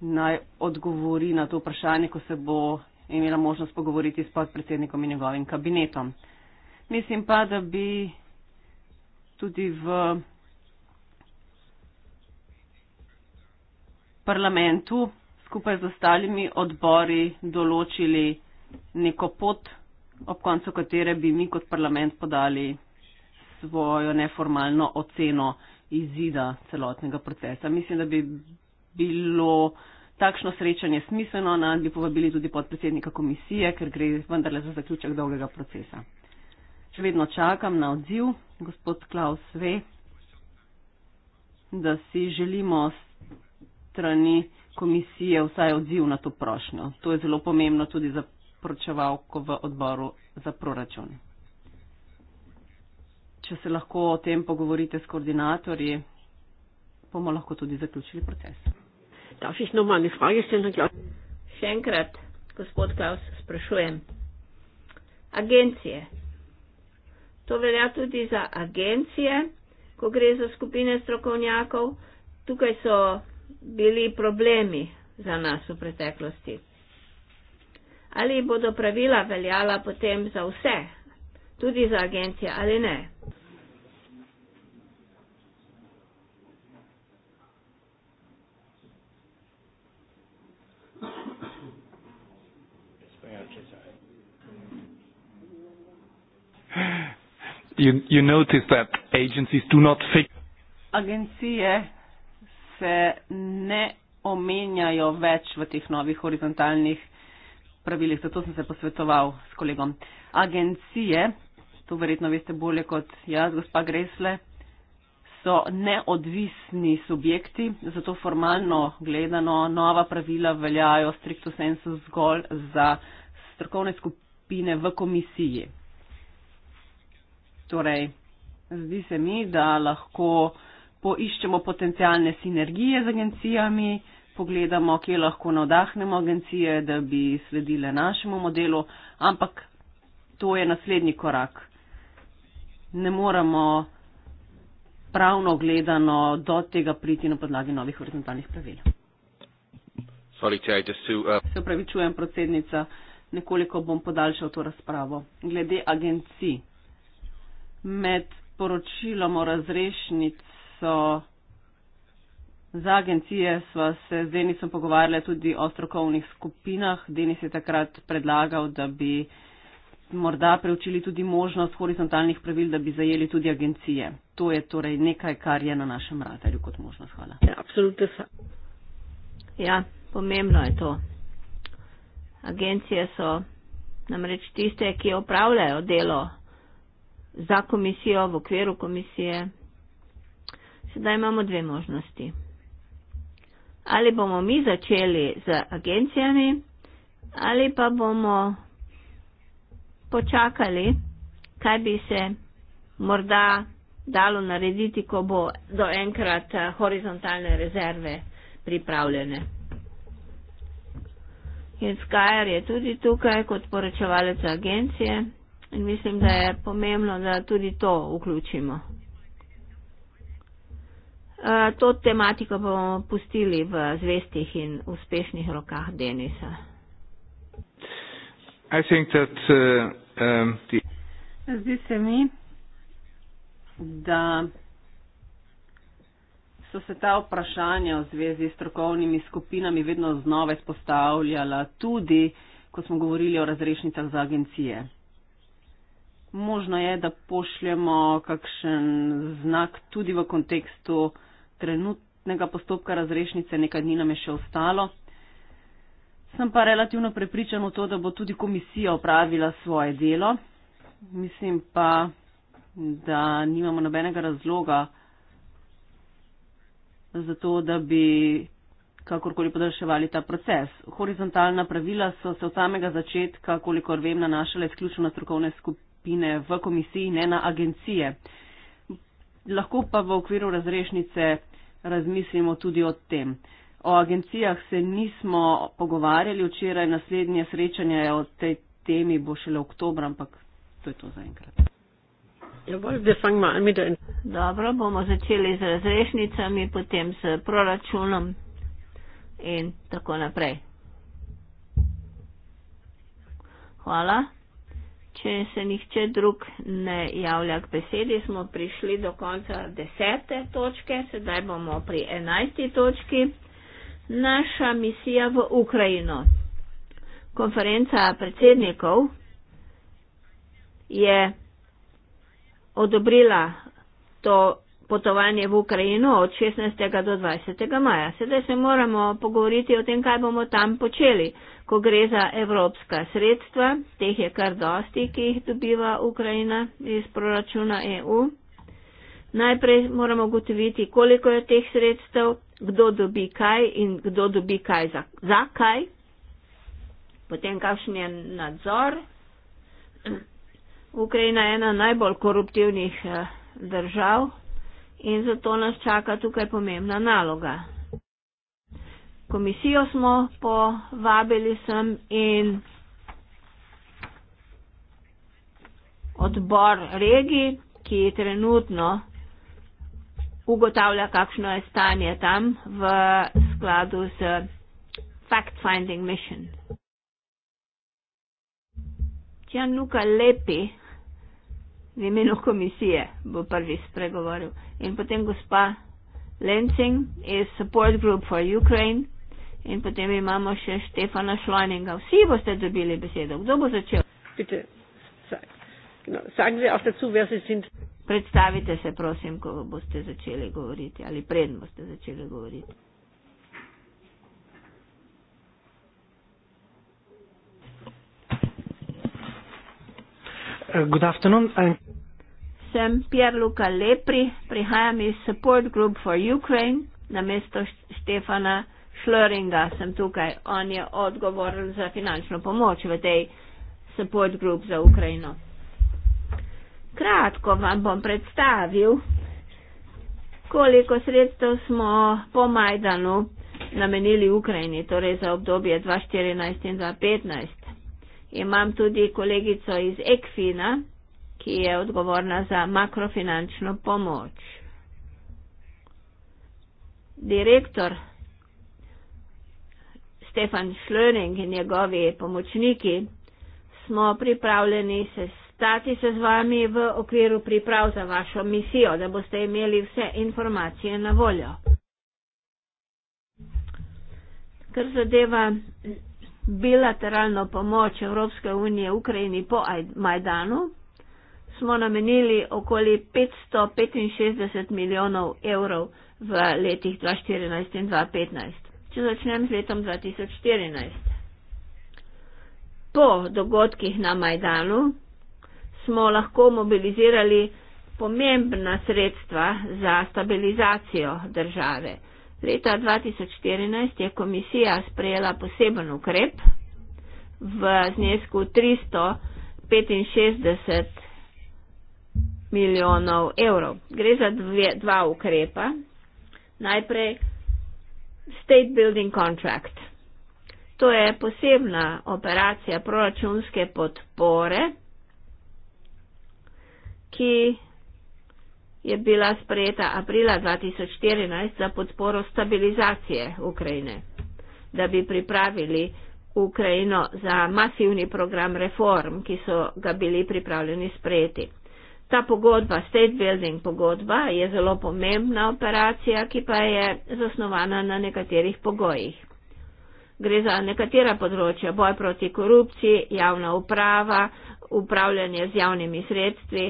naj odgovori na to vprašanje, ko se bo imela možnost pogovoriti s podpredsednikom in njegovim kabinetom. Mislim pa, da bi tudi v parlamentu skupaj z ostalimi odbori določili neko pot, ob koncu katere bi mi kot parlament podali svojo neformalno oceno izida celotnega procesa. Mislim, da bi bilo takšno srečanje smiselno, nam bi povabili tudi podpredsednika komisije, ker gre vendarle za zaključek dolgega procesa. Še vedno čakam na odziv, gospod Klaus ve, da si želimo strani komisije vsaj odziv na to prošnjo. To je zelo pomembno tudi za pročevalko v odboru za proračun. Če se lahko o tem pogovorite s koordinatorji, bomo lahko tudi zaključili proces. Še enkrat, gospod Klaus, sprašujem. Agencije. To velja tudi za agencije, ko gre za skupine strokovnjakov. Tukaj so bili problemi za nas v preteklosti. Ali bodo pravila veljala potem za vse, tudi za agencije ali ne? You, you notice that agencies do not fix. Agencije se ne omenjajo več v teh novih horizontalnih pravilih. Zato sem se posvetoval s kolegom. Agencije, to verjetno veste bolje kot jaz, gospa Gresle, so neodvisni subjekti, zato formalno gledano nova pravila veljajo strikto sensu zgolj za strokovne skupine v komisiji. Torej, zdi se mi, da lahko poiščemo potencijalne sinergije z agencijami, pogledamo, kje lahko navdahnemo agencije, da bi sledile našemu modelu, ampak to je naslednji korak. Ne moramo pravno gledano do tega priti na podlagi novih horizontalnih pravil. Uh, Se upravičujem, predsednica, nekoliko bom podaljšal to razpravo. Glede agencij, med poročilom o razrešnic so za agencije, sva se z Denisom pogovarjala tudi o strokovnih skupinah. Denis je takrat predlagal, da bi morda preučili tudi možnost horizontalnih pravil, da bi zajeli tudi agencije. To je torej nekaj, kar je na našem radarju kot možnost. Hvala. Ja, absolutno. Ja, pomembno je to. Agencije so namreč tiste, ki opravljajo delo za komisijo, v okviru komisije, Sedaj imamo dve možnosti. Ali bomo mi začeli z agencijami, ali pa bomo počakali, kaj bi se morda dalo narediti, ko bo do enkrat eh, horizontalne rezerve pripravljene. In Skyer je tudi tukaj kot poročevalec agencije in mislim, da je pomembno, da tudi to vključimo to tematiko bomo pustili v zvestih in uspešnih rokah Denisa. That, uh, um, Zdi se mi, da so se ta vprašanja v zvezi s strokovnimi skupinami vedno znova izpostavljala, tudi ko smo govorili o razrešnicah za agencije. Možno je, da pošljemo kakšen znak tudi v kontekstu trenutnega postopka razrešnice nekaj dni nam je še ostalo. Sem pa relativno prepričan v to, da bo tudi komisija opravila svoje delo. Mislim pa, da nimamo nobenega razloga za to, da bi kakorkoli podaljševali ta proces. Horizontalna pravila so se od samega začetka, kolikor vem, nanašale izključno na strokovne skupine v komisiji, ne na agencije. Lahko pa v okviru razrešnice razmislimo tudi o tem. O agencijah se nismo pogovarjali včeraj, naslednje srečanje o tej temi bo šele v oktober, ampak to je to zaenkrat. Dobro, bomo začeli z razrešnicami, potem s proračunom in tako naprej. Hvala. Če se nihče drug ne javlja k besedi, smo prišli do konca desete točke, sedaj bomo pri enajsti točki. Naša misija v Ukrajino. Konferenca predsednikov je odobrila to potovanje v Ukrajino od 16. do 20. maja. Sedaj se moramo pogovoriti o tem, kaj bomo tam počeli ko gre za evropska sredstva, teh je kar dosti, ki jih dobiva Ukrajina iz proračuna EU. Najprej moramo ugotoviti, koliko je teh sredstev, kdo dobi kaj in kdo dobi kaj za, za kaj, potem kakšen je nadzor. Ukrajina je ena najbolj koruptivnih eh, držav in zato nas čaka tukaj pomembna naloga komisijo smo povabili sem in odbor regi, ki trenutno ugotavlja, kakšno je stanje tam v skladu z fact-finding mission. Čanuka Lepi, v imenu komisije, bo prvi spregovoril. In potem gospa Lensing iz Support Group for Ukraine. In potem imamo še Štefana Šlajninga. Vsi boste dobili besedo. Kdo bo začel? Bitte. No, sagen Sie auch dazu, wer Sie sind. Predstavite se, prosim, ko boste začeli govoriti ali preden boste začeli govoriti. Eh, good afternoon. I'm... Eh. Sem Pierluca Lepri, prihajam iz Support Group for Ukraine na mesto Štefana. Schleringa sem tukaj. On je odgovoren za finančno pomoč v tej support group za Ukrajino. Kratko vam bom predstavil, koliko sredstev smo po Majdanu namenili Ukrajini, torej za obdobje 2014 in 2015. Imam tudi kolegico iz Ekfina, ki je odgovorna za makrofinančno pomoč. Direktor Stefan Schlöning in njegovi pomočniki, smo pripravljeni se stati se z vami v okviru priprav za vašo misijo, da boste imeli vse informacije na voljo. Kar zadeva bilateralno pomoč Evropske unije Ukrajini po Majdanu, smo namenili okoli 565 milijonov evrov v letih 2014 in 2015. Če začnem z letom 2014. Po dogodkih na Majdanu smo lahko mobilizirali pomembna sredstva za stabilizacijo države. Leta 2014 je komisija sprejela poseben ukrep v znesku 365 milijonov evrov. Gre za dve, dva ukrepa. Najprej State Building Contract. To je posebna operacija proračunske podpore, ki je bila sprejeta aprila 2014 za podporo stabilizacije Ukrajine, da bi pripravili Ukrajino za masivni program reform, ki so ga bili pripravljeni sprejeti. Ta pogodba, state building pogodba, je zelo pomembna operacija, ki pa je zasnovana na nekaterih pogojih. Gre za nekatera področja, boj proti korupciji, javna uprava, upravljanje z javnimi sredstvi,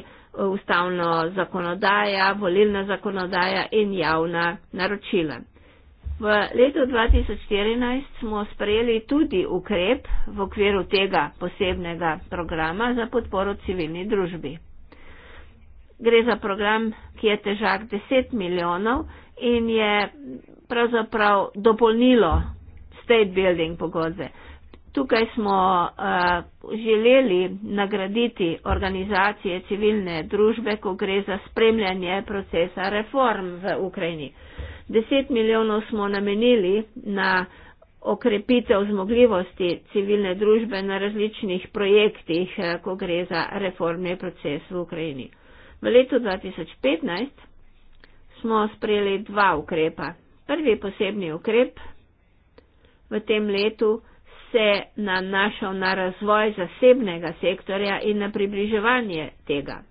ustavno zakonodaja, volilna zakonodaja in javna naročila. V letu 2014 smo sprejeli tudi ukrep v okviru tega posebnega programa za podporo civilni družbi gre za program, ki je težak 10 milijonov in je pravzaprav dopolnilo state building pogodbe. Tukaj smo uh, želeli nagraditi organizacije civilne družbe, ko gre za spremljanje procesa reform v Ukrajini. 10 milijonov smo namenili na okrepitev zmogljivosti civilne družbe na različnih projektih, eh, ko gre za reformni proces v Ukrajini. V letu 2015 smo sprejeli dva ukrepa. Prvi posebni ukrep v tem letu se nanašal na razvoj zasebnega sektorja in na približevanje tega.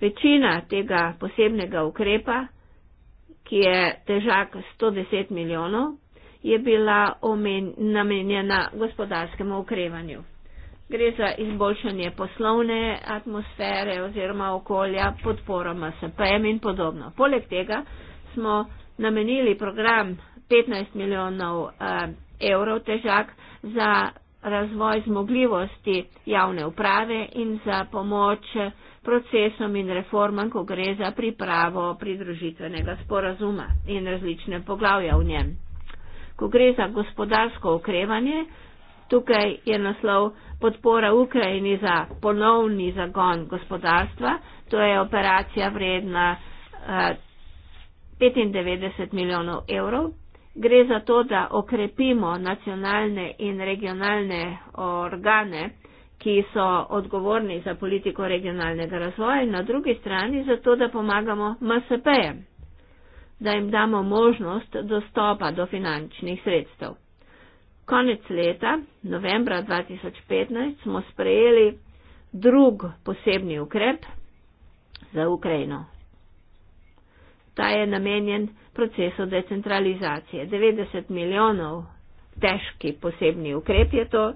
Večina tega posebnega ukrepa, ki je težak 110 milijonov, je bila omen, namenjena gospodarskemu okrevanju. Gre za izboljšanje poslovne atmosfere oziroma okolja, podporo MSP-jem in podobno. Poleg tega smo namenili program 15 milijonov eh, evrov težak za razvoj zmogljivosti javne uprave in za pomoč procesom in reformam, ko gre za pripravo pridružitvenega sporazuma in različne poglavja v njem. Ko gre za gospodarsko okrevanje, Tukaj je naslov podpora Ukrajini za ponovni zagon gospodarstva. To je operacija vredna 95 eh, milijonov evrov. Gre za to, da okrepimo nacionalne in regionalne organe, ki so odgovorni za politiko regionalnega razvoja in na drugi strani za to, da pomagamo MSP-jem, da jim damo možnost dostopa do finančnih sredstev konec leta, novembra 2015, smo sprejeli drug posebni ukrep za Ukrajino. Ta je namenjen procesu decentralizacije. 90 milijonov težki posebni ukrep je to.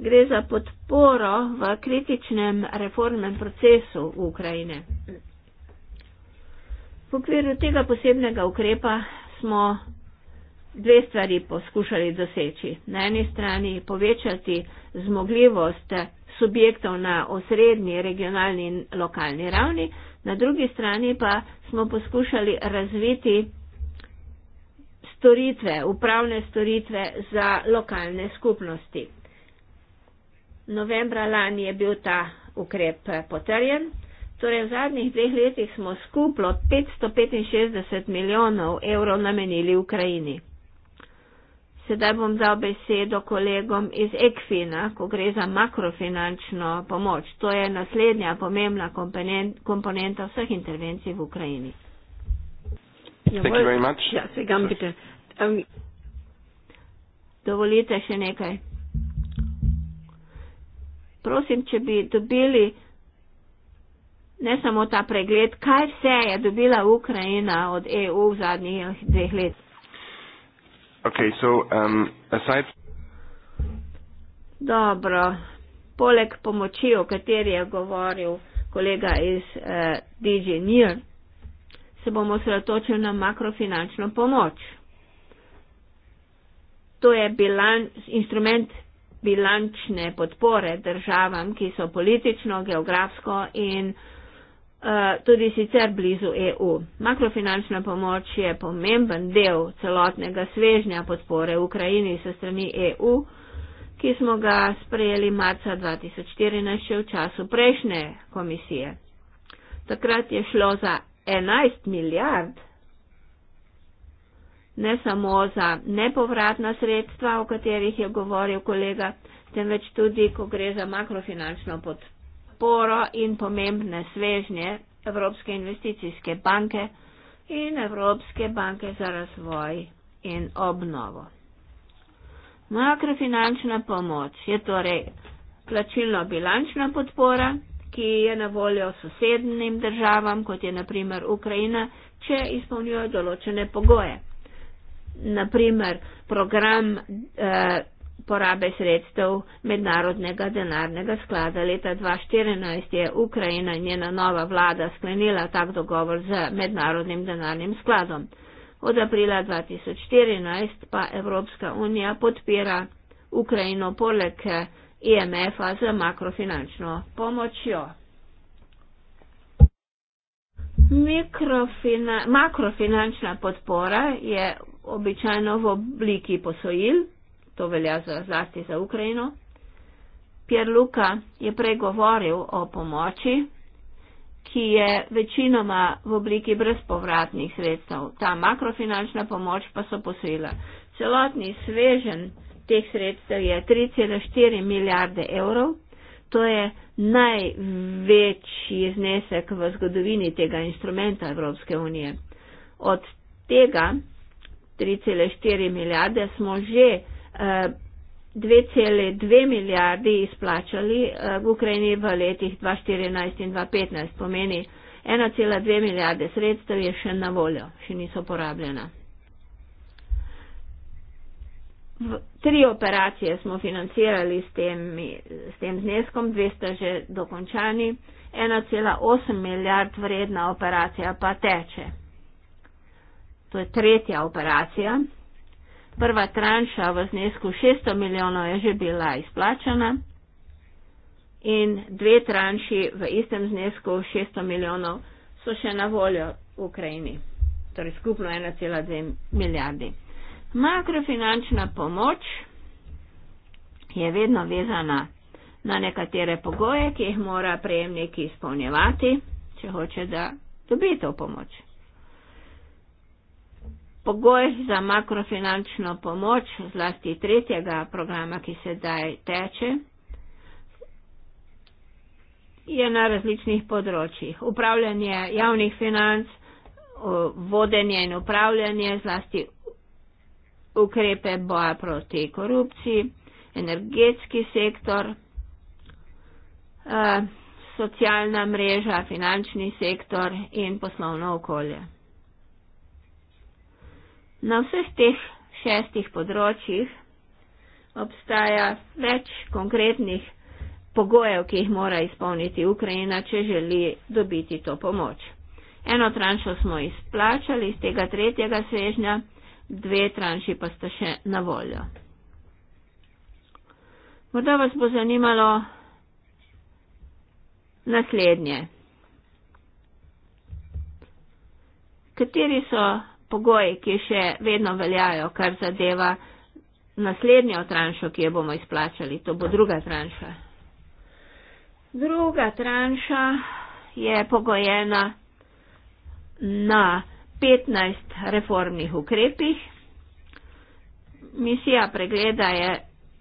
Gre za podporo v kritičnem reformnem procesu Ukrajine. V okviru tega posebnega ukrepa smo dve stvari poskušali doseči. Na eni strani povečati zmogljivost subjektov na osrednji, regionalni in lokalni ravni, na drugi strani pa smo poskušali razviti storitve, upravne storitve za lokalne skupnosti. Novembra lani je bil ta ukrep potrjen. Torej, v zadnjih dveh letih smo skupno 565 milijonov evrov namenili Ukrajini. Sedaj bom dal besedo kolegom iz Ekfina, ko gre za makrofinančno pomoč. To je naslednja pomembna komponenta vseh intervencij v Ukrajini. Ja, um, dovolite še nekaj. Prosim, če bi dobili ne samo ta pregled, kaj vse je dobila Ukrajina od EU v zadnjih dveh letih. Okay, so, um, aside... Dobro, poleg pomoči, o kateri je govoril kolega iz eh, DG NIR, se bomo osredotočili na makrofinančno pomoč. To je bilan, instrument bilančne podpore državam, ki so politično, geografsko in Eh, tudi sicer blizu EU. Makrofinančna pomoč je pomemben del celotnega svežnja podpore Ukrajini so strani EU, ki smo ga sprejeli marca 2014 še v času prejšnje komisije. Takrat je šlo za 11 milijard, ne samo za nepovratna sredstva, o katerih je govoril kolega, temveč tudi, ko gre za makrofinančno podporo podporo in pomembne svežnje Evropske investicijske banke in Evropske banke za razvoj in obnovo. Makrofinančna pomoč je torej plačilno-bilančna podpora, ki je na voljo sosednim državam, kot je naprimer Ukrajina, če izpolnjujo določene pogoje. Naprimer, program. Eh, porabe sredstev Mednarodnega denarnega sklada. Leta 2014 je Ukrajina in njena nova vlada sklenila tak dogovor z Mednarodnim denarnim skladom. Od aprila 2014 pa Evropska unija podpira Ukrajino poleg IMF-a e z makrofinančno pomočjo. Makrofinančna podpora je običajno v obliki posojil to velja za zlasti za Ukrajino. Pierluka je prej govoril o pomoči, ki je večinoma v obliki brezpovratnih sredstev. Ta makrofinančna pomoč pa so posojila. Celotni svežen teh sredstev je 3,4 milijarde evrov. To je največji znesek v zgodovini tega instrumenta Evropske unije. Od tega 3,4 milijarde smo že 2,2 milijardi izplačali eh, v Ukrajini v letih 2014 in 2015. Pomeni, 1,2 milijarde sredstev je še na voljo, še niso porabljena. V tri operacije smo financirali s, temi, s tem zneskom, dve sta že dokončani, 1,8 milijard vredna operacija pa teče. To je tretja operacija, prva tranša v znesku 600 milijonov je že bila izplačana in dve tranši v istem znesku 600 milijonov so še na voljo v Ukrajini, torej skupno 1,2 milijardi. Makrofinančna pomoč je vedno vezana na nekatere pogoje, ki jih mora prejemnik izpolnjevati, če hoče, da dobi to pomoč pogojih za makrofinančno pomoč, zlasti tretjega programa, ki sedaj teče, je na različnih področjih. Upravljanje javnih financ, vodenje in upravljanje, zlasti ukrepe boja proti korupciji, energetski sektor, eh, socialna mreža, finančni sektor in poslovno okolje. Na vseh teh šestih področjih obstaja več konkretnih pogojev, ki jih mora izpolniti Ukrajina, če želi dobiti to pomoč. Eno tranšo smo izplačali iz tega tretjega svežnja, dve tranši pa sta še na voljo. Morda vas bo zanimalo naslednje. Kateri so pogoji, ki še vedno veljajo, kar zadeva naslednjo tranšo, ki jo bomo izplačali. To bo druga tranša. Druga tranša je pogojena na 15 reformnih ukrepih. Misija pregleda je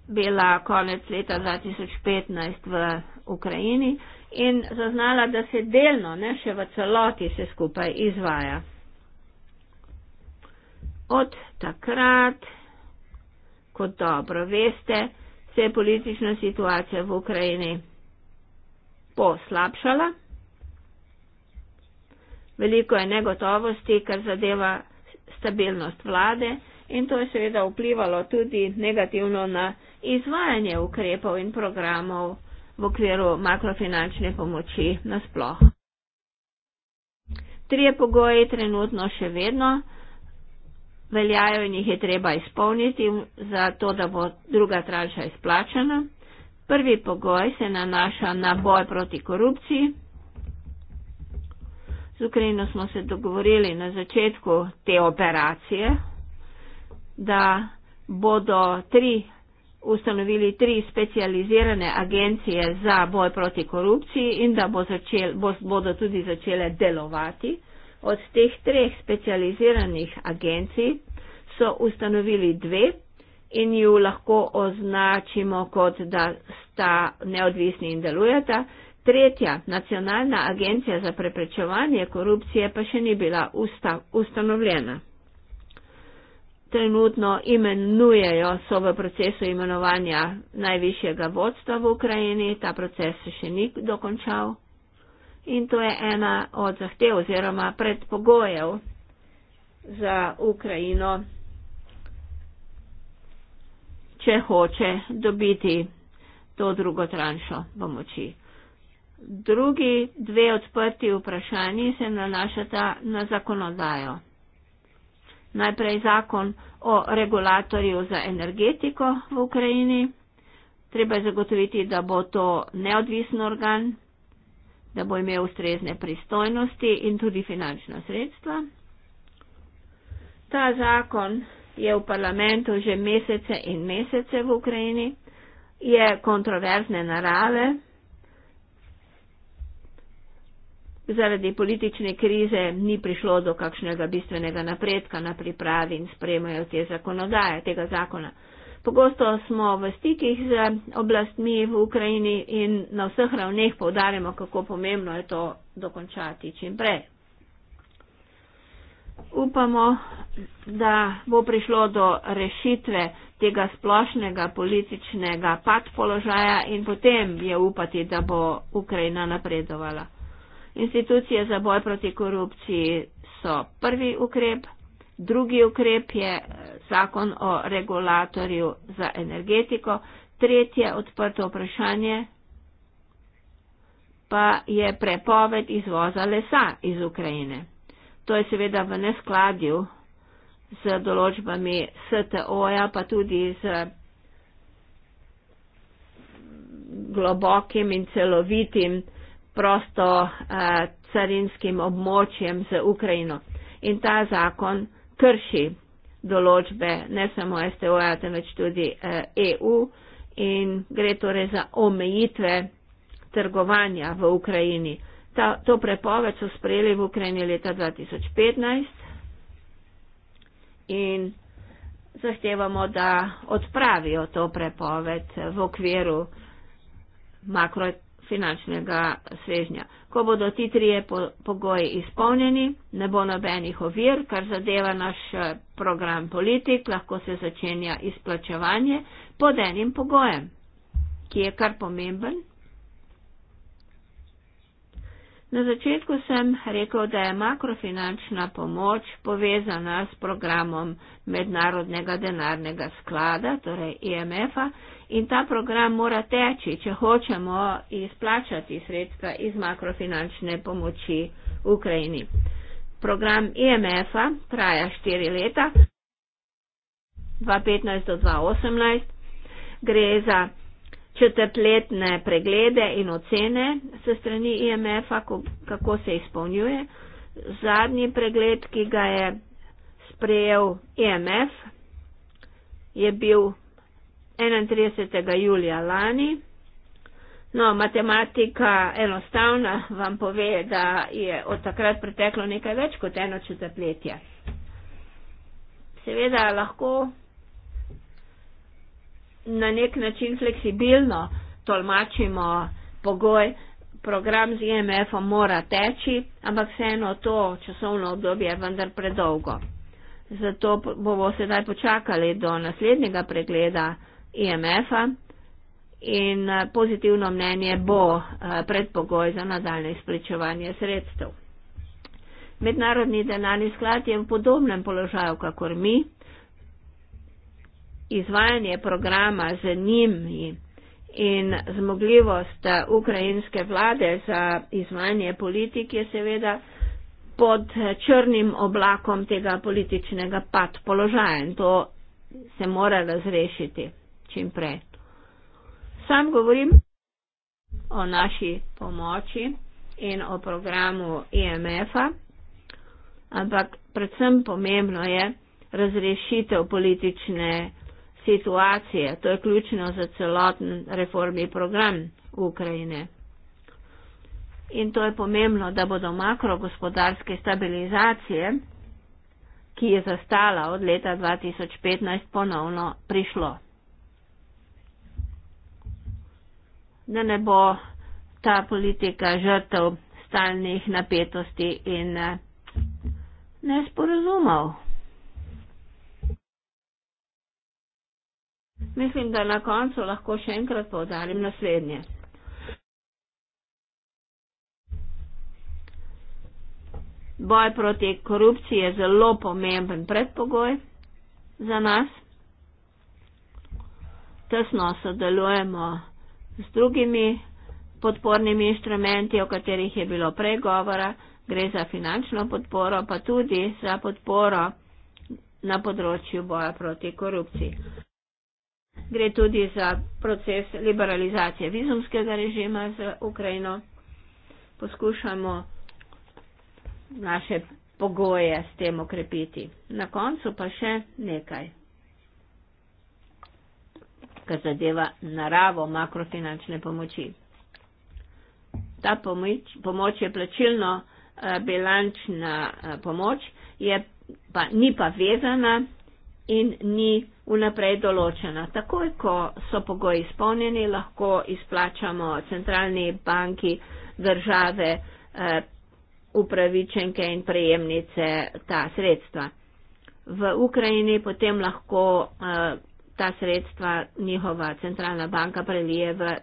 bila konec leta 2015 v Ukrajini in zaznala, da se delno, ne še v celoti, se skupaj izvaja od takrat, kot dobro veste, se je politična situacija v Ukrajini poslabšala. Veliko je negotovosti, kar zadeva stabilnost vlade in to je seveda vplivalo tudi negativno na izvajanje ukrepov in programov v okviru makrofinančne pomoči nasploh. Trije pogoji trenutno še vedno veljajo in jih je treba izpolniti za to, da bo druga tranša izplačana. Prvi pogoj se nanaša na boj proti korupciji. Z Ukrajino smo se dogovorili na začetku te operacije, da bodo tri, ustanovili tri specializirane agencije za boj proti korupciji in da bo začel, bo, bodo tudi začele delovati. Od teh treh specializiranih agencij so ustanovili dve in ju lahko označimo kot da sta neodvisni in delujeta. Tretja, nacionalna agencija za preprečevanje korupcije pa še ni bila usta, ustanovljena. Trenutno imenujejo, so v procesu imenovanja najvišjega vodstva v Ukrajini, ta proces se še ni dokončal in to je ena od zahtev oziroma predpogojev za Ukrajino, če hoče dobiti to drugo tranšo pomoči. Drugi dve odprti vprašanji se nanašata na zakonodajo. Najprej zakon o regulatorju za energetiko v Ukrajini. Treba je zagotoviti, da bo to neodvisen organ, da bo imel ustrezne pristojnosti in tudi finančna sredstva. Ta zakon je v parlamentu že mesece in mesece v Ukrajini, je kontroverzne narave zaradi politične krize ni prišlo do kakšnega bistvenega napredka na pripravi in spremljajo te zakonodaje, tega zakona. Pogosto smo v stikih z oblastmi v Ukrajini in na vseh ravneh povdarjamo, kako pomembno je to dokončati čim prej. Upamo, da bo prišlo do rešitve tega splošnega političnega pad položaja in potem je upati, da bo Ukrajina napredovala. Institucije za boj proti korupciji so prvi ukrep. Drugi ukrep je eh, zakon o regulatorju za energetiko. Tretje odprto vprašanje pa je prepoved izvoza lesa iz Ukrajine. To je seveda v neskladju z določbami STO-ja, pa tudi z globokim in celovitim prosto eh, carinskim območjem z Ukrajino. In ta zakon krši določbe ne samo STO-ja, temveč tudi EU eh, e in gre torej za omejitve trgovanja v Ukrajini. Ta, to prepoved so sprejeli v Ukrajini leta 2015 in zahtevamo, da odpravijo to prepoved v okviru makroekonomije finančnega svežnja. Ko bodo ti trije po, pogoji izpolnjeni, ne bo nobenih ovir, kar zadeva naš eh, program politik, lahko se začenja izplačevanje pod enim pogojem, ki je kar pomemben. Na začetku sem rekel, da je makrofinančna pomoč povezana s programom Mednarodnega denarnega sklada, torej IMF-a, e in ta program mora teči, če hočemo izplačati sredstva iz makrofinančne pomoči Ukrajini. Program IMF-a e traja 4 leta, 2015 do 2018. Gre za četrtletne preglede in ocene se strani IMF-a, e kako se izpolnjuje. Zadnji pregled, ki ga je sprejel IMF, e je bil 31. julija lani. No, matematika enostavna vam pove, da je od takrat preteklo nekaj več kot eno četrtletje. Seveda lahko na nek način fleksibilno tolmačimo pogoj, program z IMF-om e mora teči, ampak vseeno to časovno obdobje je vendar predolgo. Zato bomo sedaj počakali do naslednjega pregleda IMF-a e in eh, pozitivno mnenje bo eh, predpogoj za nadaljne izplačevanje sredstev. Mednarodni denarni sklad je v podobnem položaju, kakor mi. Izvajanje programa z njim in zmogljivost eh, ukrajinske vlade za izvajanje politik je seveda pod črnim oblakom tega političnega pad položaja in to se mora razrešiti čim prej. Sam govorim o naši pomoči in o programu IMF-a, e ampak predvsem pomembno je razrešitev politične situacije. To je ključno za celoten reformni program Ukrajine. In to je pomembno, da bodo makrogospodarske stabilizacije, ki je zastala od leta 2015, ponovno prišlo. da ne bo ta politika žrtev stalnih napetosti in eh, nesporazumov. Mislim, da na koncu lahko še enkrat povdarim naslednje. Boj proti korupciji je zelo pomemben predpogoj za nas. Tesno sodelujemo z drugimi podpornimi inštrumenti, o katerih je bilo prej govora, gre za finančno podporo, pa tudi za podporo na področju boja proti korupciji. Gre tudi za proces liberalizacije vizumskega režima z Ukrajino. Poskušamo naše pogoje s tem okrepiti. Na koncu pa še nekaj kar zadeva naravo makrofinančne pomoči. Ta pomoč, pomoč je plačilno eh, bilančna eh, pomoč, je pa, ni pa vezana in ni vnaprej določena. Takoj, ko so pogoji izpolnjeni, lahko izplačamo centralni banki države eh, upravičenke in prejemnice ta sredstva. V Ukrajini potem lahko ta sredstva njihova centralna banka prelije v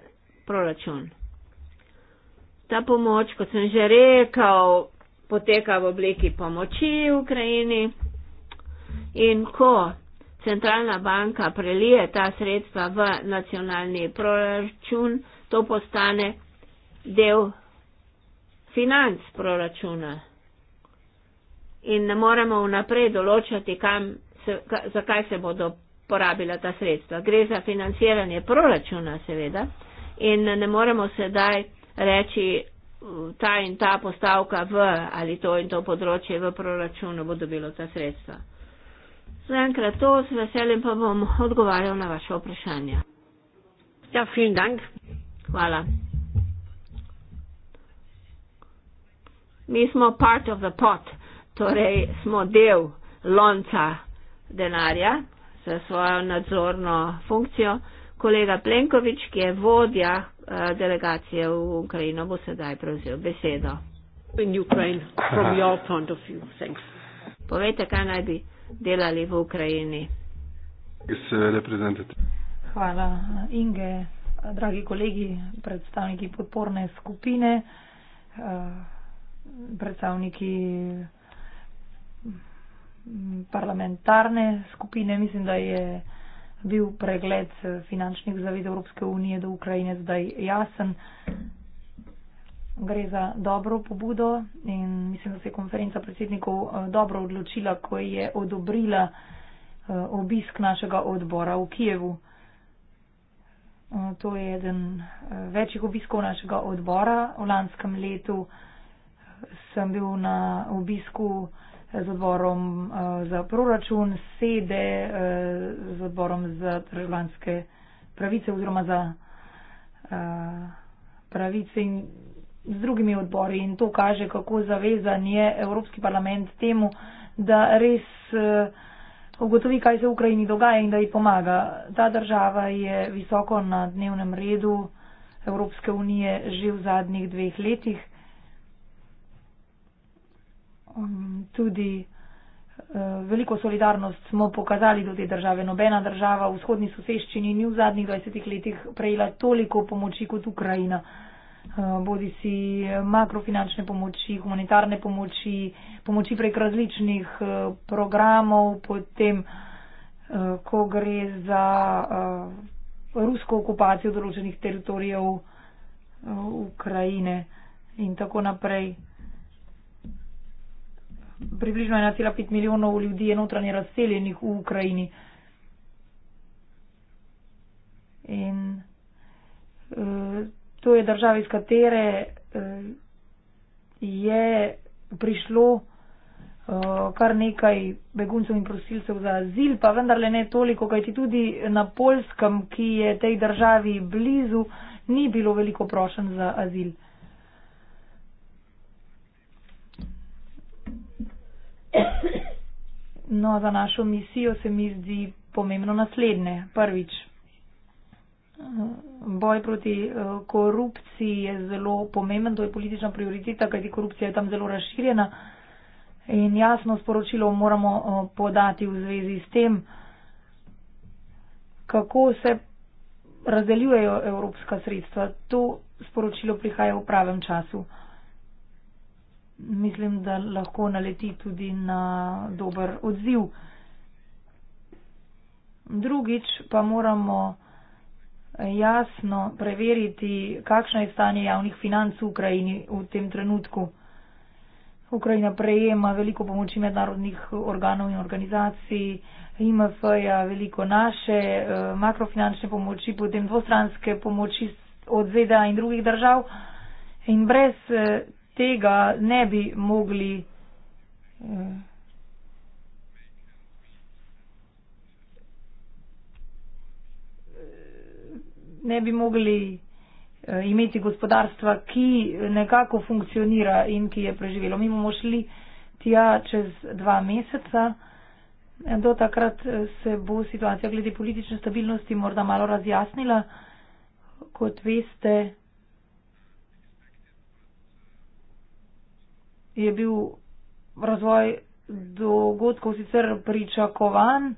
proračun. Ta pomoč, kot sem že rekel, poteka v obliki pomoči Ukrajini in ko centralna banka prelije ta sredstva v nacionalni proračun, to postane del financ proračuna. In ne moremo vnaprej določati, kam, se, ka, zakaj se bodo porabila ta sredstva. Gre za financiranje proračuna, seveda, in ne moremo sedaj reči, ta in ta postavka v ali to in to področje v proračunu bo dobilo ta sredstva. Zaenkrat to, z veseljem pa bom odgovarjal na vaše vprašanje. Ja, vielen Dank. Hvala. Mi smo part of the pot, torej smo del lonca denarja, za svojo nadzorno funkcijo. Kolega Plenkovič, ki je vodja eh, delegacije v Ukrajino, bo sedaj prevzel besedo. Povejte, kaj naj bi delali v Ukrajini. Eh, Hvala, Inge, dragi kolegi, predstavniki podporne skupine, eh, predstavniki parlamentarne skupine, mislim, da je bil pregled finančnih zavez Evropske unije do Ukrajine zdaj jasen. Gre za dobro pobudo in mislim, da se je konferenca predsednikov eh, dobro odločila, ko je odobrila eh, obisk našega odbora v Kijevu. Eh, to je eden večjih obiskov našega odbora. V lanskem letu sem bil na obisku z odborom uh, za proračun, sede uh, z odborom za državljanske pravice oziroma za uh, pravice in z drugimi odbori. In to kaže, kako zavezan je Evropski parlament temu, da res uh, ugotovi, kaj se v Ukrajini dogaja in da ji pomaga. Ta država je visoko na dnevnem redu Evropske unije že v zadnjih dveh letih. Um, tudi eh, veliko solidarnost smo pokazali do te države. Nobena država v vzhodni soseščini ni v zadnjih 20 letih prejela toliko pomoči kot Ukrajina. Eh, Bodi si makrofinančne pomoči, humanitarne pomoči, pomoči prek različnih eh, programov, potem, ko gre za rusko okupacijo določenih teritorijev Ukrajine in tako naprej približno 1,5 milijonov ljudi je notranje razseljenih v Ukrajini. In uh, to je država, iz katere uh, je prišlo uh, kar nekaj beguncev in prosilcev za azil, pa vendarle ne toliko, kajti tudi na Polskem, ki je tej državi blizu, ni bilo veliko prošen za azil. No, za našo misijo se mi zdi pomembno naslednje. Prvič, boj proti eh, korupciji je zelo pomemben, to je politična prioriteta, kajti korupcija je tam zelo razširjena in jasno sporočilo moramo eh, podati v zvezi s tem, kako se razdeljujejo evropska sredstva. To sporočilo prihaja v pravem času mislim, da lahko naleti tudi na dober odziv. Drugič pa moramo jasno preveriti, kakšno je stanje javnih financ v Ukrajini v tem trenutku. Ukrajina prejema veliko pomoči mednarodnih organov in organizacij, IMF-ja, veliko naše eh, makrofinančne pomoči, potem dvostranske pomoči od ZDA in drugih držav. In brez eh, tega ne bi mogli eh, ne bi mogli eh, imeti gospodarstva, ki nekako funkcionira in ki je preživelo. Mi bomo šli tja čez dva meseca. Do takrat eh, se bo situacija glede politične stabilnosti morda malo razjasnila. Kot veste, je bil razvoj dogodkov sicer pričakovan,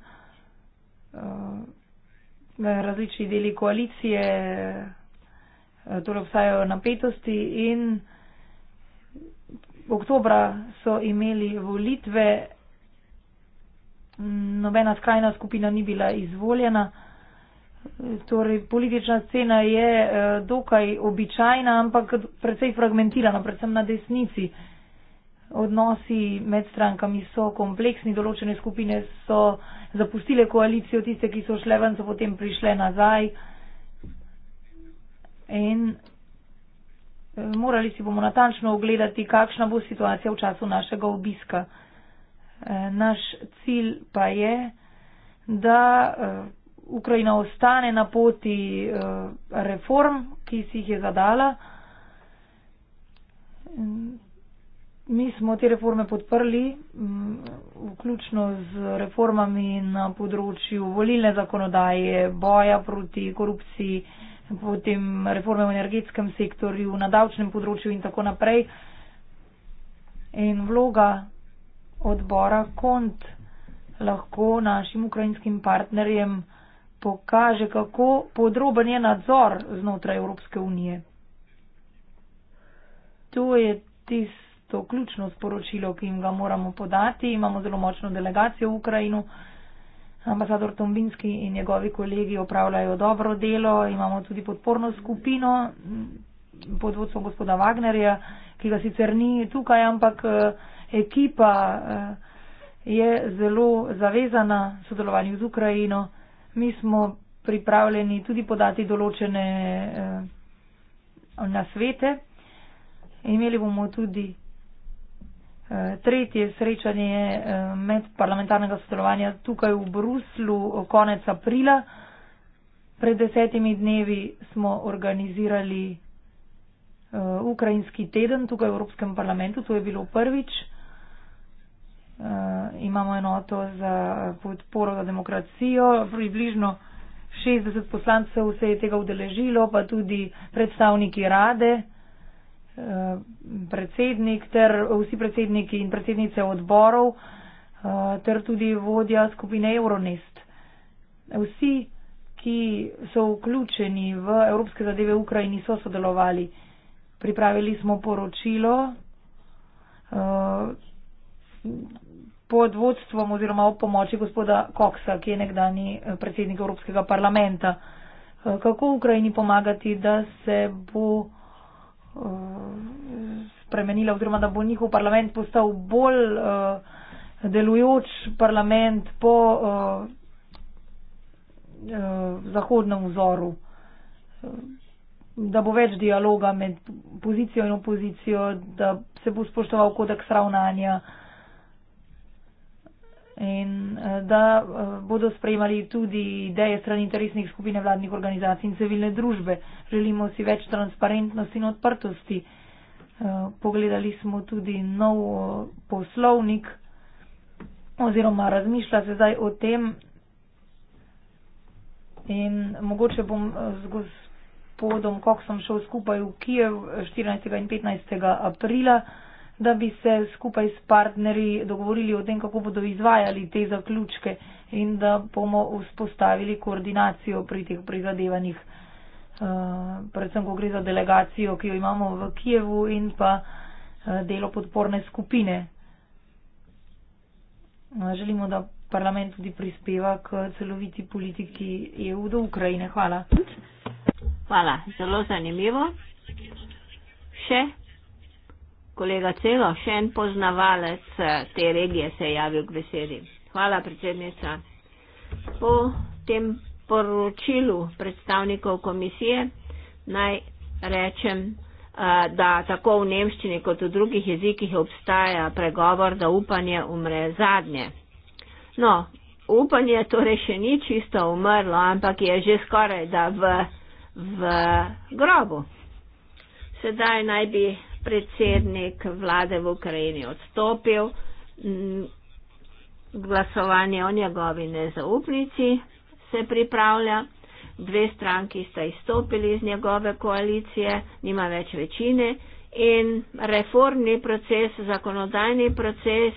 eh, različni deli koalicije, eh, torej obstajajo napetosti in oktobra so imeli volitve, nobena skrajna skupina ni bila izvoljena. Torej, politična scena je eh, dokaj običajna, ampak precej fragmentirana, predvsem na desnici. Uh, odnosi med strankami so kompleksni, določene skupine so zapustile koalicijo, tiste, ki so šle ven, so potem prišle nazaj. In eh, morali si bomo natančno ogledati, kakšna bo situacija v času našega obiska. Eh, naš cilj pa je, da eh, Ukrajina ostane na poti reform, ki si jih je zadala mi smo te reforme podprli, mm, vključno z reformami na področju volilne zakonodaje, boja proti korupciji, potem reforme v energetskem sektorju, na davčnem področju in tako naprej. In vloga odbora KONT lahko našim ukrajinskim partnerjem pokaže, kako podroben je nadzor znotraj Evropske unije. To je tisto, to ključno sporočilo, ki jim ga moramo podati. Imamo zelo močno delegacijo v Ukrajino. Ambasador Tombinski in njegovi kolegi opravljajo dobro delo. Imamo tudi podporno skupino pod vodstvom gospoda Wagnerja, ki ga sicer ni tukaj, ampak eh, ekipa eh, je zelo zavezana sodelovanju z Ukrajino. Mi smo pripravljeni tudi podati določene eh, nasvete. Imeli bomo tudi Tretje srečanje eh, medparlamentarnega sodelovanja tukaj v Bruslu konec aprila. Pred desetimi dnevi smo organizirali eh, Ukrajinski teden tukaj v Evropskem parlamentu, to je bilo prvič. Eh, imamo enoto za podporo za demokracijo, približno 60 poslancev se je tega udeležilo, pa tudi predstavniki rade predsednik ter vsi predsedniki in predsednice odborov eh, ter tudi vodja skupine Euronest. Vsi, ki so vključeni v Evropske zadeve v Ukrajini, so sodelovali. Pripravili smo poročilo eh, pod vodstvom oziroma ob pomoči gospoda Koksa, ki je nekdani eh, predsednik Evropskega parlamenta. Kako Ukrajini pomagati, da se bo Eh, spremenila oziroma da bo njihov parlament postal bolj uh, delujoč parlament po uh, uh, zahodnem vzoru, da bo več dialoga med pozicijo in opozicijo, da se bo spoštoval kodeks ravnanja in eh, da eh, bodo sprejemali tudi ideje strani interesnih skupin vladnih organizacij in civilne družbe. Želimo si več transparentnosti in odprtosti. Eh, pogledali smo tudi nov poslovnik oziroma razmišlja se zdaj o tem in mogoče bom z gospodom Koksom šel skupaj v Kijev 14. in 15. aprila da bi se skupaj s partnerji dogovorili o tem, kako bodo izvajali te zaključke in da bomo vzpostavili koordinacijo pri teh prizadevanjih, eh, predvsem, ko gre za delegacijo, ki jo imamo v Kijevu in pa eh, delo podporne skupine. Eh, želimo, da parlament tudi prispeva k celoviti politiki EU do Ukrajine. Hvala. Hvala, zelo zanimivo. Še Kolega Celo, še en poznavalec eh, te regije se je javil k besedi. Hvala, predsednica. Po tem poročilu predstavnikov komisije naj rečem, eh, da tako v nemščini kot v drugih jezikih obstaja pregovor, da upanje umre zadnje. No, upanje torej še ni čisto umrlo, ampak je že skoraj da v, v grobu. Sedaj naj bi predsednik vlade v Ukrajini odstopil, mm, glasovanje o njegovi nezaupnici se pripravlja, dve stranki sta izstopili iz njegove koalicije, nima več večine in reformni proces, zakonodajni proces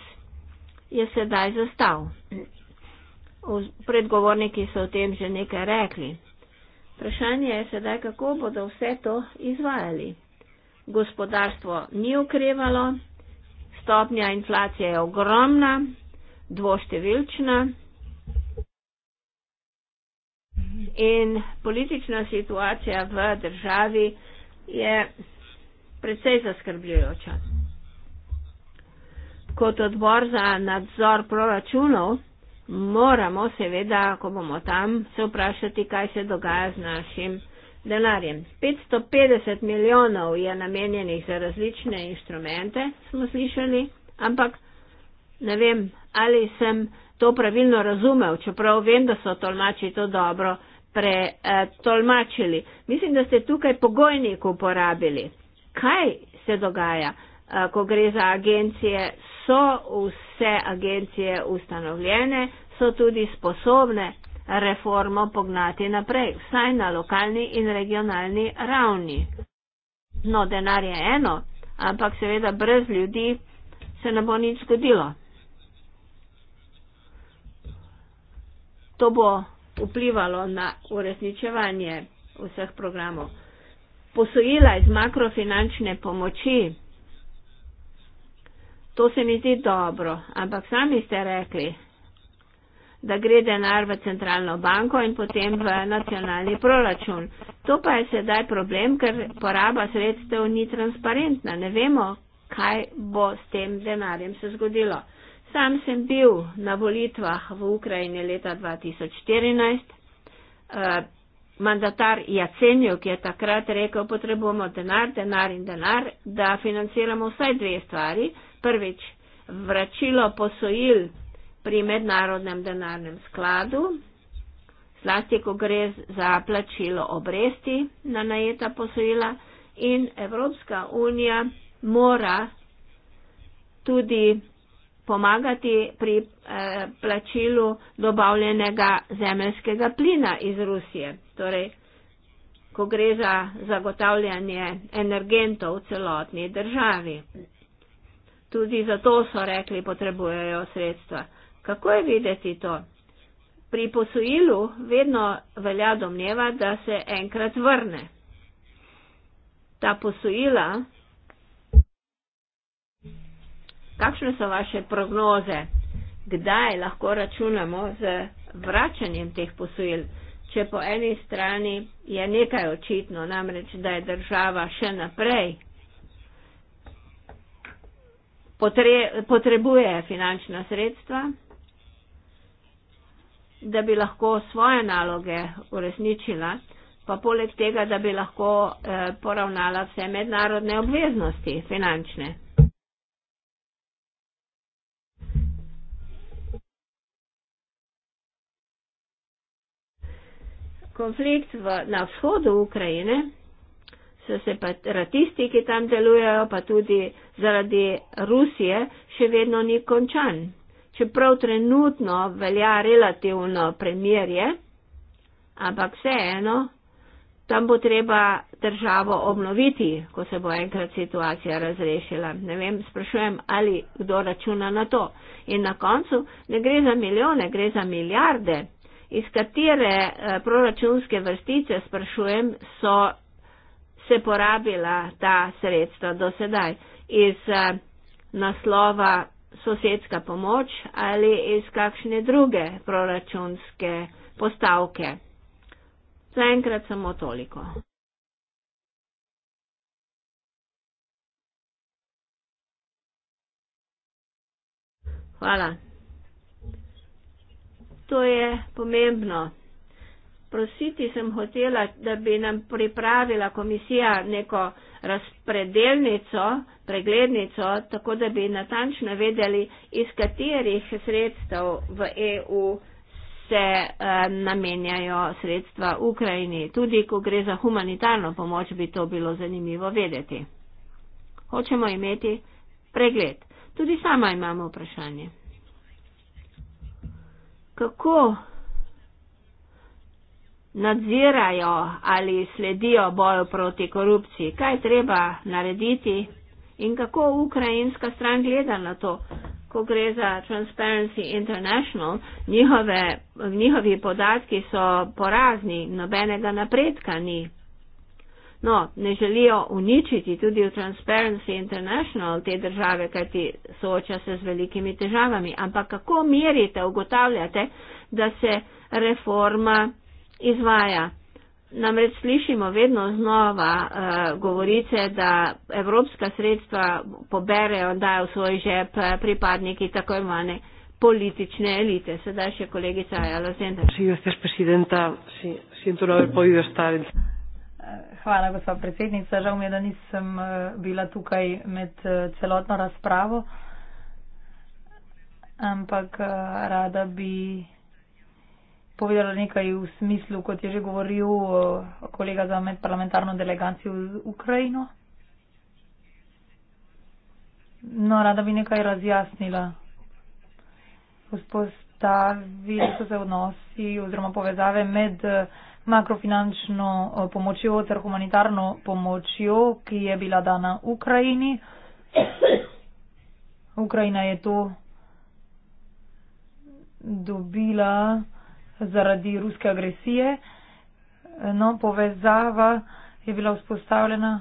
je sedaj zastav. Predgovorniki so o tem že nekaj rekli. Vprašanje je sedaj, kako bodo vse to izvajali gospodarstvo ni ukrevalo, stopnja inflacije je ogromna, dvoštevilčna in politična situacija v državi je predvsej zaskrbljujoča. Kot odbor za nadzor proračunov moramo seveda, ko bomo tam, se vprašati, kaj se dogaja z našim denarjem. 550 milijonov je namenjenih za različne instrumente, smo slišali, ampak ne vem, ali sem to pravilno razumev, čeprav vem, da so tolmači to dobro pretolmačili. Mislim, da ste tukaj pogojnik uporabili. Kaj se dogaja, eh, ko gre za agencije? So vse agencije ustanovljene, so tudi sposobne reformo pognati naprej, vsaj na lokalni in regionalni ravni. No, denar je eno, ampak seveda brez ljudi se ne bo nič zgodilo. To bo vplivalo na uresničevanje vseh programov. Posojila iz makrofinančne pomoči, to se mi zdi dobro, ampak sami ste rekli, da gre denar v centralno banko in potem v nacionalni proračun. To pa je sedaj problem, ker poraba sredstev ni transparentna. Ne vemo, kaj bo s tem denarjem se zgodilo. Sam sem bil na volitvah v Ukrajini leta 2014. Uh, eh, mandatar Jacenjo, ki je takrat rekel, potrebujemo denar, denar in denar, da financiramo vsaj dve stvari. Prvič, vračilo posojil pri mednarodnem denarnem skladu, zlasti ko gre za plačilo obresti na najeta posojila in Evropska unija mora tudi pomagati pri eh, plačilu dobavljenega zemeljskega plina iz Rusije. Torej, ko gre za zagotavljanje energentov v celotni državi. Tudi zato so rekli, potrebujejo sredstva. Kako je videti to? Pri posojilu vedno velja domneva, da se enkrat vrne. Ta posojila. Kakšne so vaše prognoze, kdaj lahko računamo z vračanjem teh posojil? Če po eni strani je nekaj očitno, namreč da je država še naprej potre, potrebuje finančna sredstva, da bi lahko svoje naloge uresničila, pa poleg tega, da bi lahko eh, poravnala vse mednarodne obveznosti finančne. Konflikt v, na vzhodu Ukrajine, so se pa ratisti, ki tam delujejo, pa tudi zaradi Rusije, še vedno ni končan čeprav trenutno velja relativno premirje, ampak vseeno, tam bo treba državo obnoviti, ko se bo enkrat situacija razrešila. Ne vem, sprašujem, ali kdo računa na to. In na koncu ne gre za milijone, gre za milijarde, iz katere eh, proračunske vrstice, sprašujem, so se porabila ta sredstva do sedaj. Iz eh, naslova sosedska pomoč ali iz kakšne druge proračunske postavke. Zaenkrat samo toliko. Hvala. To je pomembno. Prositi sem hotela, da bi nam pripravila komisija neko razpredelnico, preglednico, tako da bi natančno vedeli, iz katerih sredstev v EU se eh, namenjajo sredstva Ukrajini. Tudi, ko gre za humanitarno pomoč, bi to bilo zanimivo vedeti. Hočemo imeti pregled. Tudi sama imamo vprašanje. Kako nadzirajo ali sledijo boju proti korupciji. Kaj treba narediti in kako ukrajinska stran gleda na to, ko gre za Transparency International, njihove, njihovi podatki so porazni, nobenega napredka ni. No, ne želijo uničiti tudi v Transparency International te države, kajti sooča se z velikimi težavami. Ampak kako merite, ugotavljate, da se reforma izvaja. Namreč slišimo vedno znova uh, govorice, da evropska sredstva poberejo in dajo v svoj žep eh, pripadniki tako imane politične elite. Sedaj še kolegica Jalozenda. No eh, hvala, gospod predsednica. Žal mi je, da nisem bila tukaj med celotno razpravo, ampak rada bi povedala nekaj v smislu, kot je že govoril eh, kolega za medparlamentarno delegacijo v Ukrajino. No, rada bi nekaj razjasnila. Vzpostavili so se odnosi oziroma povezave med eh, makrofinančno eh, pomočjo ter humanitarno pomočjo, ki je bila dana Ukrajini. Ukrajina je to dobila zaradi ruske agresije. No, povezava je bila vzpostavljena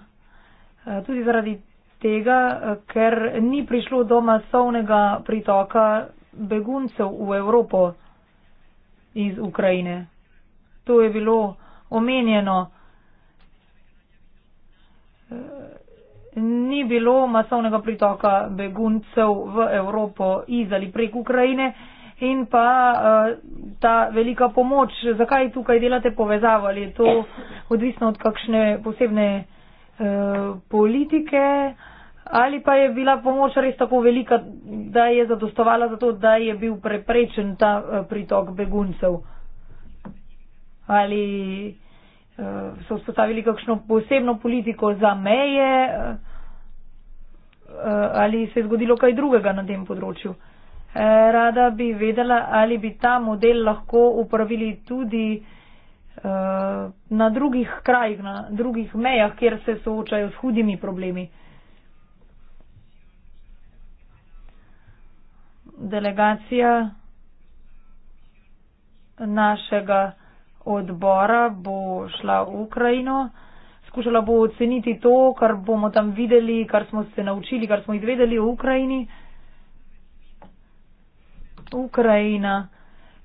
eh, tudi zaradi tega, eh, ker ni prišlo do masovnega pritoka beguncev v Evropo iz Ukrajine. To je bilo omenjeno. Eh, ni bilo masovnega pritoka beguncev v Evropo iz ali prek Ukrajine in pa eh, ta velika pomoč. Zakaj tukaj delate povezavo? Ali je to odvisno od kakšne posebne eh, politike? Ali pa je bila pomoč res tako velika, da je zadostovala za to, da je bil preprečen ta eh, pritok beguncev? Ali so vzpostavili kakšno posebno politiko za meje? Ali se je zgodilo kaj drugega na tem področju? Eh, rada bi vedela, ali bi ta model lahko uporabili tudi eh, na drugih krajih, na drugih mejah, kjer se soočajo s hudimi problemi. Delegacija našega odbora bo šla v Ukrajino, skušala bo oceniti to, kar bomo tam videli, kar smo se naučili, kar smo izvedeli o Ukrajini. Ukrajina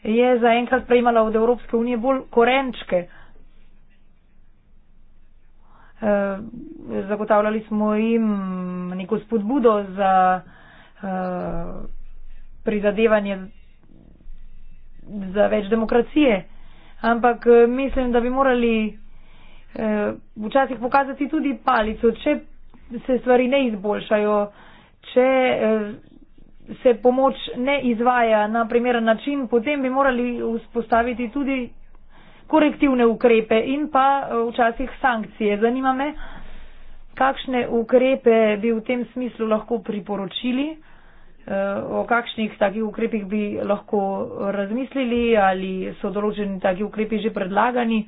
je zaenkrat prejmala od Evropske unije bolj korenčke. Eh, zagotavljali smo jim neko spodbudo za eh, prizadevanje za več demokracije, ampak eh, mislim, da bi morali včasih pokazati tudi palico, če se stvari ne izboljšajo, če se pomoč ne izvaja na primeren način, potem bi morali vzpostaviti tudi korektivne ukrepe in pa eh, včasih sankcije. Zanima me, kakšne ukrepe bi v tem smislu lahko priporočili, eh, o kakšnih takih ukrepih bi lahko razmislili ali so določeni taki ukrepi že predlagani.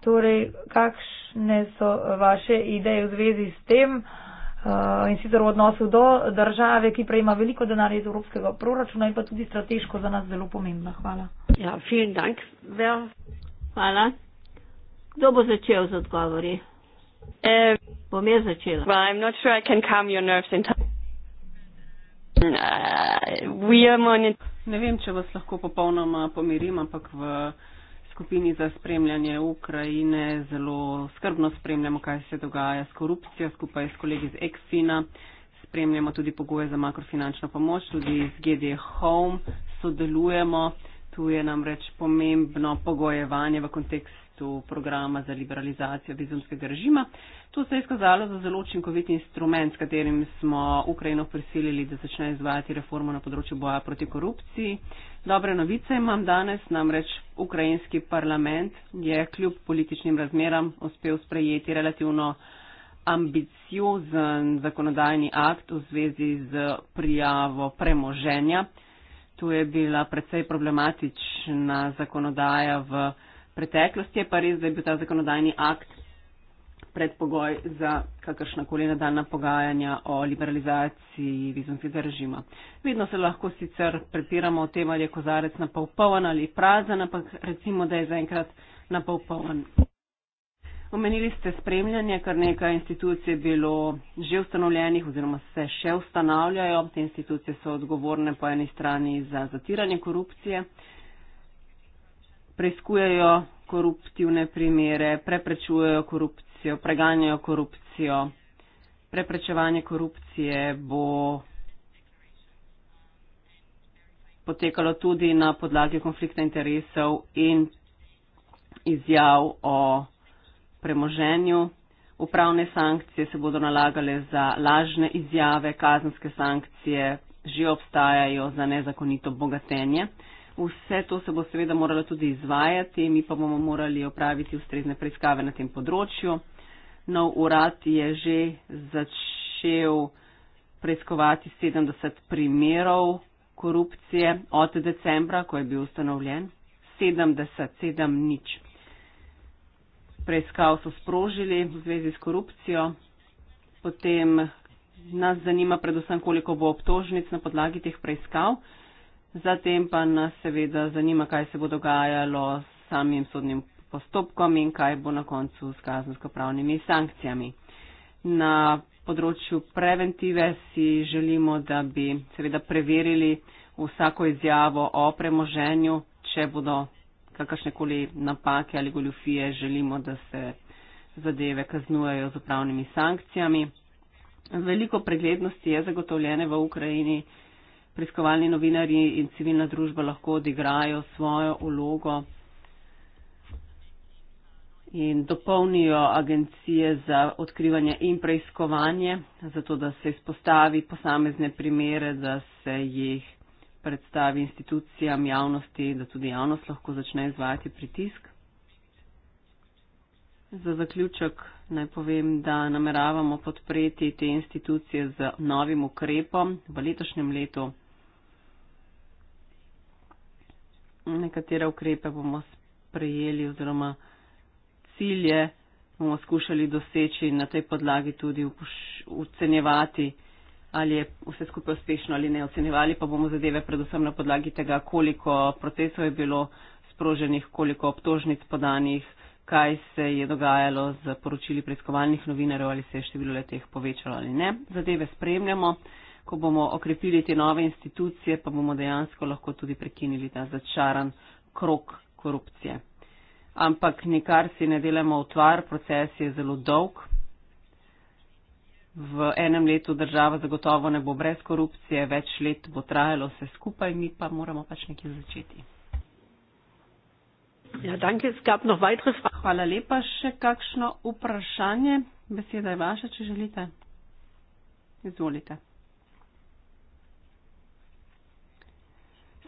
Torej, kakšne so vaše ideje v zvezi s tem eh, in sicer v odnosu do države, ki prejema veliko denarja iz evropskega proračuna in pa tudi strateško za nas zelo pomembna? Hvala. Ja, vielen Dank. Well. Hvala. Kdo bo začel z odgovori? Um, Bom jaz začela. Well, I'm not sure I can calm your nerves in time. Uh, ne vem, če vas lahko popolnoma pomirim, ampak v skupini za spremljanje Ukrajine zelo skrbno spremljamo, kaj se dogaja s korupcijo skupaj s kolegi iz Exfina. Spremljamo tudi pogoje za makrofinančno pomoč, tudi z GD Home sodelujemo. Tu je namreč pomembno pogojevanje v kontekst kontekstu programa za liberalizacijo vizumskega režima. To se je izkazalo za zelo učinkovit instrument, s katerim smo Ukrajino prisilili, da začne izvajati reformo na področju boja proti korupciji. Dobre novice imam danes, namreč ukrajinski parlament je kljub političnim razmeram uspel sprejeti relativno ambiciozen zakonodajni akt v zvezi z prijavo premoženja. Tu je bila precej problematična zakonodaja v preteklosti, je pa res, da je bil ta zakonodajni akt predpogoj za kakršnakoli nadaljna pogajanja o liberalizaciji vizumskega režima. Vedno se lahko sicer prepiramo o tem, ali je kozarec napolpovan ali prazen, ampak recimo, da je zaenkrat napolpovan. Omenili ste spremljanje, kar nekaj institucij je bilo že ustanovljenih oziroma se še ustanavljajo. Te institucije so odgovorne po eni strani za zatiranje korupcije preizkujejo koruptivne primere, preprečujejo korupcijo, preganjajo korupcijo. Preprečevanje korupcije bo potekalo tudi na podlagi konflikta interesov in izjav o premoženju. Upravne sankcije se bodo nalagale za lažne izjave, kazenske sankcije že obstajajo za nezakonito bogatenje. Vse to se bo seveda moralo tudi izvajati, mi pa bomo morali opraviti ustrezne preiskave na tem področju. Nov urad je že začel preiskovati 70 primerov korupcije od decembra, ko je bil ustanovljen. 70, 7 nič. Preiskav so sprožili v zvezi s korupcijo. Potem nas zanima predvsem, koliko bo obtožnic na podlagi teh preiskav. Zatem pa nas seveda zanima, kaj se bo dogajalo s samim sodnim postopkom in kaj bo na koncu s kazensko-pravnimi sankcijami. Na področju preventive si želimo, da bi seveda preverili vsako izjavo o premoženju, če bodo kakršnekoli napake ali goljufije, želimo, da se zadeve kaznujejo z upravnimi sankcijami. Veliko preglednosti je zagotovljene v Ukrajini preiskovalni novinari in civilna družba lahko odigrajo svojo ulogo in dopolnijo agencije za odkrivanje in preiskovanje, zato da se izpostavi posamezne primere, da se jih predstavi institucijam javnosti, da tudi javnost lahko začne izvajati pritisk. Za zaključek naj povem, da nameravamo podpreti te institucije z novim ukrepom v letošnjem letu nekatere ukrepe bomo sprejeli oziroma cilje bomo skušali doseči in na tej podlagi tudi ocenjevati, ali je vse skupaj uspešno ali ne. Ocenjevali pa bomo zadeve predvsem na podlagi tega, koliko procesov je bilo sproženih, koliko obtožnic podanih, kaj se je dogajalo z poročili preiskovalnih novinarjev, ali se je število teh povečalo ali ne. Zadeve spremljamo ko bomo okrepili te nove institucije, pa bomo dejansko lahko tudi prekinili ta začaran krok korupcije. Ampak nikar si ne delamo utvar, proces je zelo dolg. V enem letu država zagotovo ne bo brez korupcije, več let bo trajalo vse skupaj, mi pa moramo pač nekje začeti. Ja, danke, Hvala lepa. Še kakšno vprašanje? Beseda je vaša, če želite. Izvolite.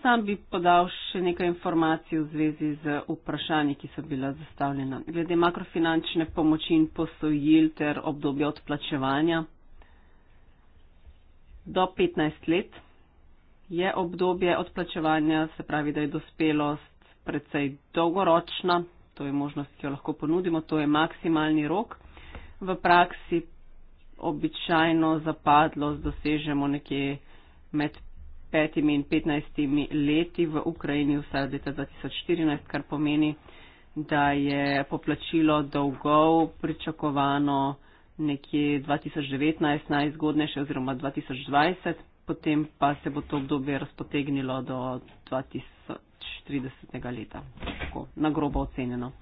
Sam bi podal še nekaj informacij v zvezi z vprašanji, ki so bila zastavljena. Glede makrofinančne pomoči in posojil ter obdobja odplačevanja do 15 let je obdobje odplačevanja, se pravi, da je dospelost predvsej dolgoročna, to je možnost, ki jo lahko ponudimo, to je maksimalni rok. V praksi običajno zapadlost dosežemo nekje med 5 in 15 leti v Ukrajini vsaj od leta 2014, kar pomeni, da je poplačilo dolgov pričakovano nekje 2019, najzgodnejše oziroma 2020, potem pa se bo to obdobje razpotegnilo do 2030. leta, tako na grobo ocenjeno.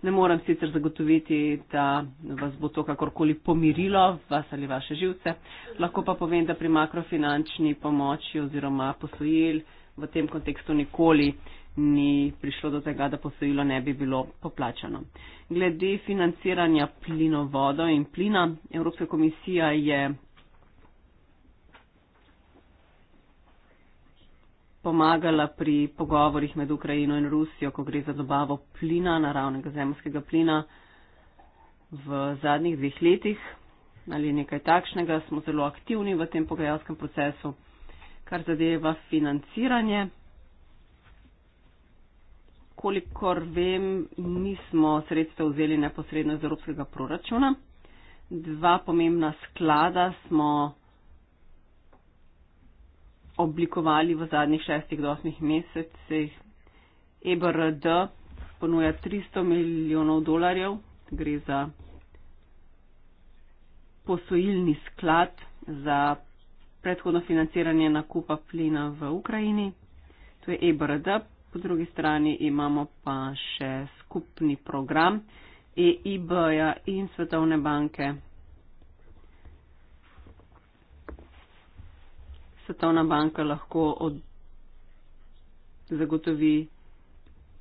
Ne morem sicer zagotoviti, da vas bo to kakorkoli pomirilo, vas ali vaše živce. Lahko pa povem, da pri makrofinančni pomoči oziroma posojil v tem kontekstu nikoli ni prišlo do tega, da posojilo ne bi bilo poplačano. Glede financiranja plinovodo in plina, Evropska komisija je pomagala pri pogovorih med Ukrajino in Rusijo, ko gre za dobavo plina, naravnega zemljskega plina v zadnjih dveh letih ali nekaj takšnega. Smo zelo aktivni v tem pogajalskem procesu, kar zadeva financiranje. Kolikor vem, nismo sredstva vzeli neposredno iz evropskega proračuna. Dva pomembna sklada smo oblikovali v zadnjih šestih do osmih mesecih. EBRD ponuja 300 milijonov dolarjev, gre za posojilni sklad za predhodno financiranje nakupa plina v Ukrajini. To je EBRD, po drugi strani imamo pa še skupni program EIB-ja in Svetovne banke. svetovna banka lahko od, zagotovi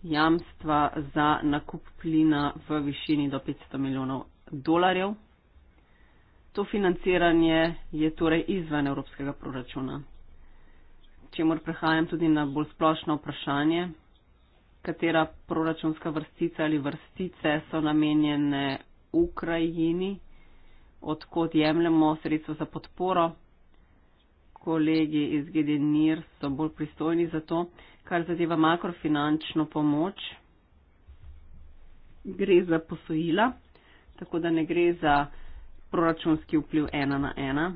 jamstva za nakup plina v višini do 500 milijonov dolarjev. To financiranje je torej izven evropskega proračuna. Čemor prehajam tudi na bolj splošno vprašanje, katera proračunska vrstica ali vrstice so namenjene Ukrajini, odkot jemljemo sredstvo za podporo kolegi iz GDNIR so bolj pristojni za to, kar zadeva makrofinančno pomoč. Gre za posojila, tako da ne gre za proračunski vpliv ena na ena.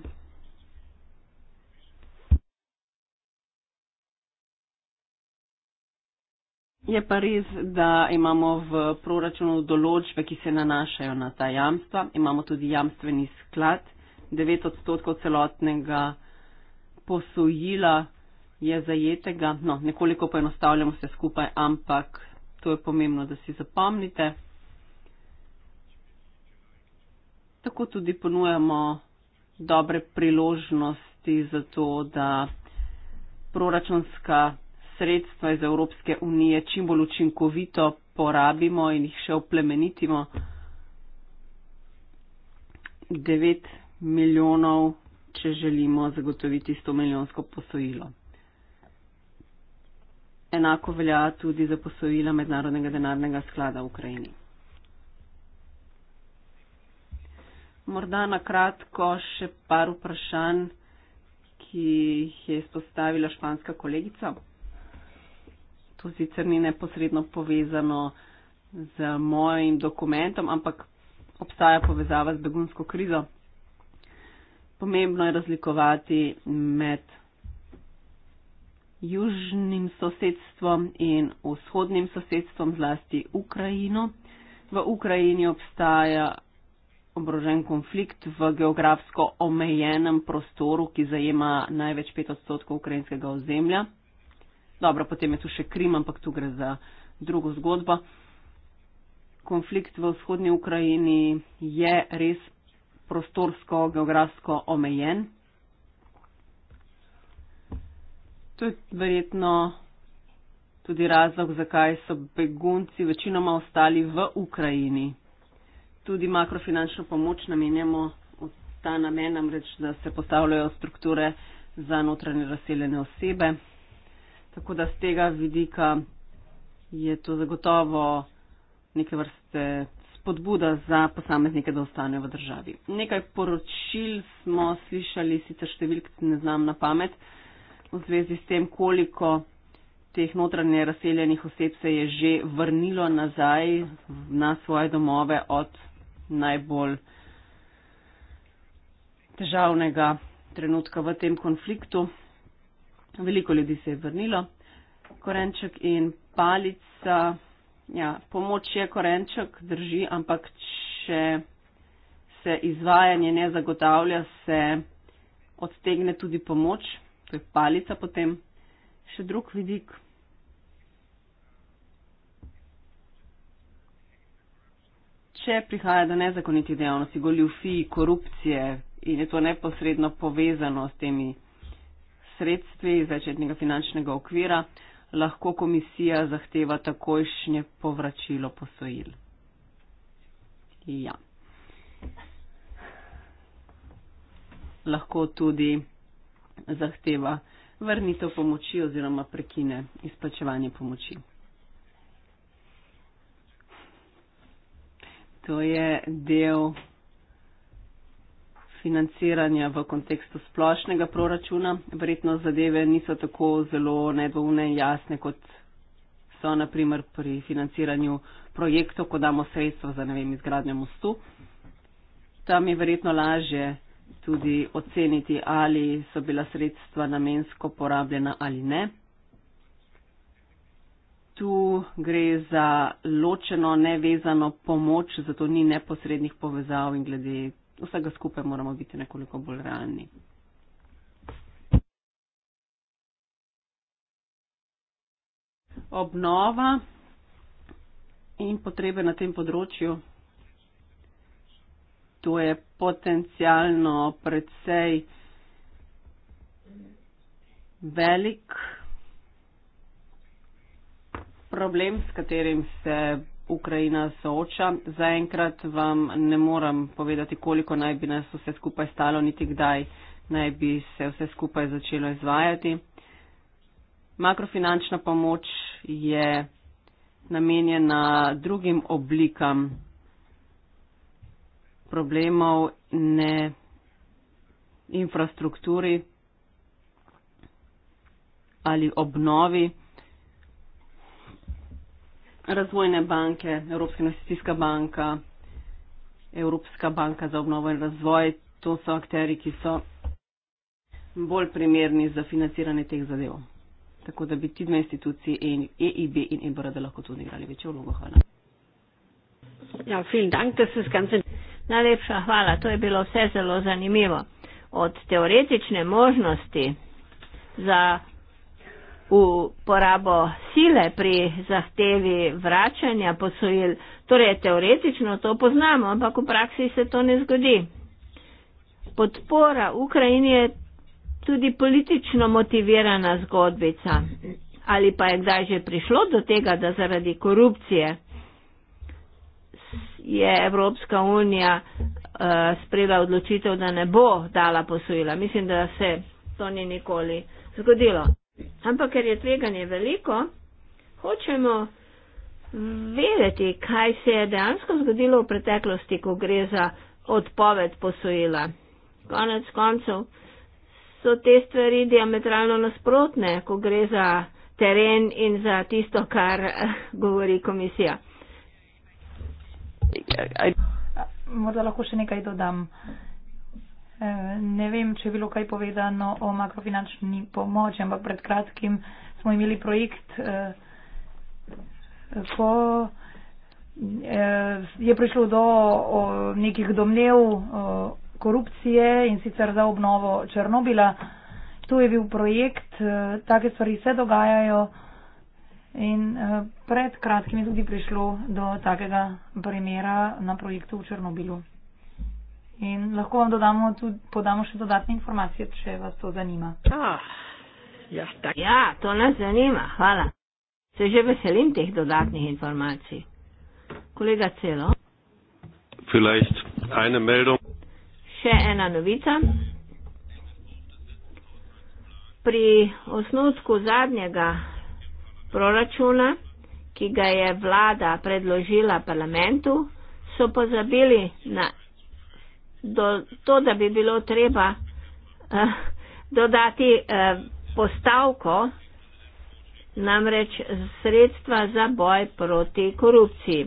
Je pa res, da imamo v proračunu določbe, ki se nanašajo na ta jamstva. Imamo tudi jamstveni sklad, 9 odstotkov celotnega posojila je zajetega, no, nekoliko poenostavljamo vse skupaj, ampak to je pomembno, da si zapomnite. Tako tudi ponujamo dobre priložnosti za to, da proračunska sredstva iz Evropske unije čim bolj učinkovito porabimo in jih še oplemenitimo. 9 milijonov če želimo zagotoviti 100 milijonsko posojilo. Enako velja tudi za posojila Mednarodnega denarnega sklada v Ukrajini. Morda na kratko še par vprašanj, ki jih je izpostavila španska kolegica. To sicer ni neposredno povezano z mojim dokumentom, ampak obstaja povezava z begunsko krizo. Pomembno je razlikovati med južnim sosedstvom in vzhodnim sosedstvom, zlasti Ukrajino. V Ukrajini obstaja obrožen konflikt v geografsko omejenem prostoru, ki zajema največ 5 odstotkov ukrajinskega ozemlja. Dobro, potem je tu še Krim, ampak tu gre za drugo zgodbo. Konflikt v vzhodnji Ukrajini je res prostorsko, geografsko omejen. To je verjetno tudi razlog, zakaj so begunci večinoma ostali v Ukrajini. Tudi makrofinančno pomoč namenjamo v ta namen, namreč da se postavljajo strukture za notranje razseljene osebe. Tako da z tega vidika je to zagotovo neke vrste spodbuda za posameznike, da ostanejo v državi. Nekaj poročil smo slišali, sicer številk ne znam na pamet, v zvezi s tem, koliko teh notranje razseljenih oseb se je že vrnilo nazaj na svoje domove od najbolj težavnega trenutka v tem konfliktu. Veliko ljudi se je vrnilo. Korenček in palica ja, pomoč je korenček, drži, ampak če se izvajanje ne zagotavlja, se odtegne tudi pomoč, to je palica potem. Še drug vidik. Če prihaja do nezakonitih dejavnosti, goljufij, korupcije in je to neposredno povezano s temi sredstvi začetnega finančnega okvira, lahko komisija zahteva takojšnje povračilo posojil. Ja. Lahko tudi zahteva vrnitev pomoči oziroma prekine izplačevanje pomoči. To je del financiranja v kontekstu splošnega proračuna. Verjetno zadeve niso tako zelo nedvoumne in jasne, kot so naprimer pri financiranju projektov, ko damo sredstva za vem, izgradnjo mostu. Tam je verjetno lažje tudi oceniti, ali so bila sredstva namensko porabljena ali ne. Tu gre za ločeno, nevezano pomoč, zato ni neposrednih povezav in glede vsega skupaj moramo biti nekoliko bolj realni. Obnova in potrebe na tem področju. To je potencialno predvsej velik problem, s katerim se Ukrajina sooča. Zaenkrat vam ne moram povedati, koliko naj bi nas vse skupaj stalo, niti kdaj naj bi se vse skupaj začelo izvajati. Makrofinančna pomoč je namenjena drugim oblikam problemov, ne infrastrukturi ali obnovi razvojne banke, Evropska investicijska banka, Evropska banka za obnovo in razvoj, to so akteri, ki so bolj primerni za financiranje teh zadev. Tako da bi ti dve instituciji, EIB e in EBRD, lahko tudi igrali večjo vlogo. Hvala. Ja, film, dank, da se skancem. Najlepša hvala, to je bilo vse zelo zanimivo. Od teoretične možnosti za uporabo sile pri zahtevi vračanja posojil. Torej, teoretično to poznamo, ampak v praksi se to ne zgodi. Podpora Ukrajini je tudi politično motivirana zgodbica. Ali pa je kdaj že prišlo do tega, da zaradi korupcije je Evropska unija uh, sprejela odločitev, da ne bo dala posojila. Mislim, da se to ni nikoli zgodilo. Ampak ker je tveganje veliko, hočemo vedeti, kaj se je dejansko zgodilo v preteklosti, ko gre za odpoved posojila. Konec koncev so te stvari diametralno nasprotne, ko gre za teren in za tisto, kar eh, govori komisija. Morda lahko še nekaj dodam. Eh, ne vem, če je bilo kaj povedano o makrofinančni pomoči, ampak pred kratkim smo imeli projekt, eh, ko eh, je prišlo do nekih domnev korupcije in sicer za obnovo Černobila. To je bil projekt, take stvari se dogajajo in pred kratkim je tudi prišlo do takega primera na projektu v Černobilu. In lahko vam dodamo tudi, podamo še dodatne informacije, če vas to zanima. Oh, ja, ja, to nas zanima, hvala. Se že veselim teh dodatnih informacij. Kolega Celo. Vielleicht eine Meldung. Še ena novica. Pri osnutku zadnjega proračuna, ki ga je vlada predložila parlamentu, so pozabili na do, to, da bi bilo treba eh, dodati eh, postavko, namreč sredstva za boj proti korupciji.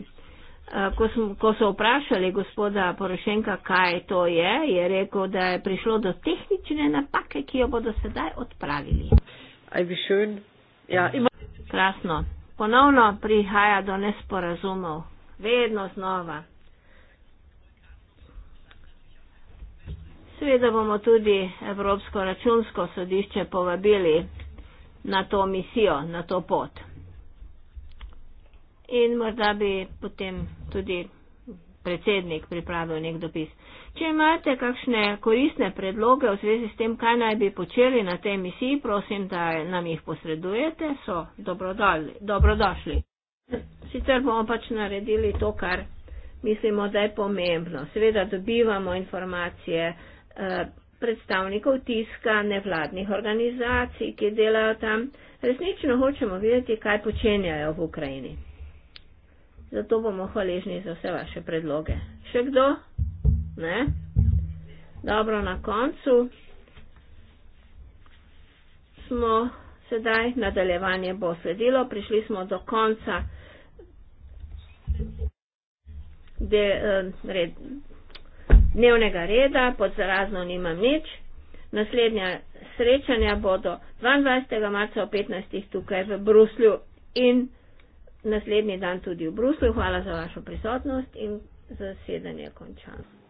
Eh, ko, sm, ko so vprašali gospoda Porošenka, kaj to je, je rekel, da je prišlo do tehnične napake, ki jo bodo sedaj odpravili. Ja, ima... Krasno. Ponovno prihaja do nesporazumov. Vedno znova. Seveda bomo tudi Evropsko računsko sodišče povabili na to misijo, na to pot. In morda bi potem tudi predsednik pripravil nek dopis. Če imate kakšne koristne predloge v zvezi s tem, kaj naj bi počeli na tej misiji, prosim, da nam jih posredujete, so dobrodošli. dobrodošli. Sicer bomo pač naredili to, kar mislimo, da je pomembno. Seveda dobivamo informacije, Eh, predstavnikov tiska, nevladnih organizacij, ki delajo tam. Resnično hočemo videti, kaj počenjajo v Ukrajini. Zato bomo hvaležni za vse vaše predloge. Še kdo? Ne? Dobro, na koncu smo sedaj, nadaljevanje bo sledilo, prišli smo do konca de, eh, red, dnevnega reda, pod zarazno nimam nič. Naslednja srečanja bodo 22. marca o 15. tukaj v Bruslju in naslednji dan tudi v Bruslju. Hvala za vašo prisotnost in zasedanje končano.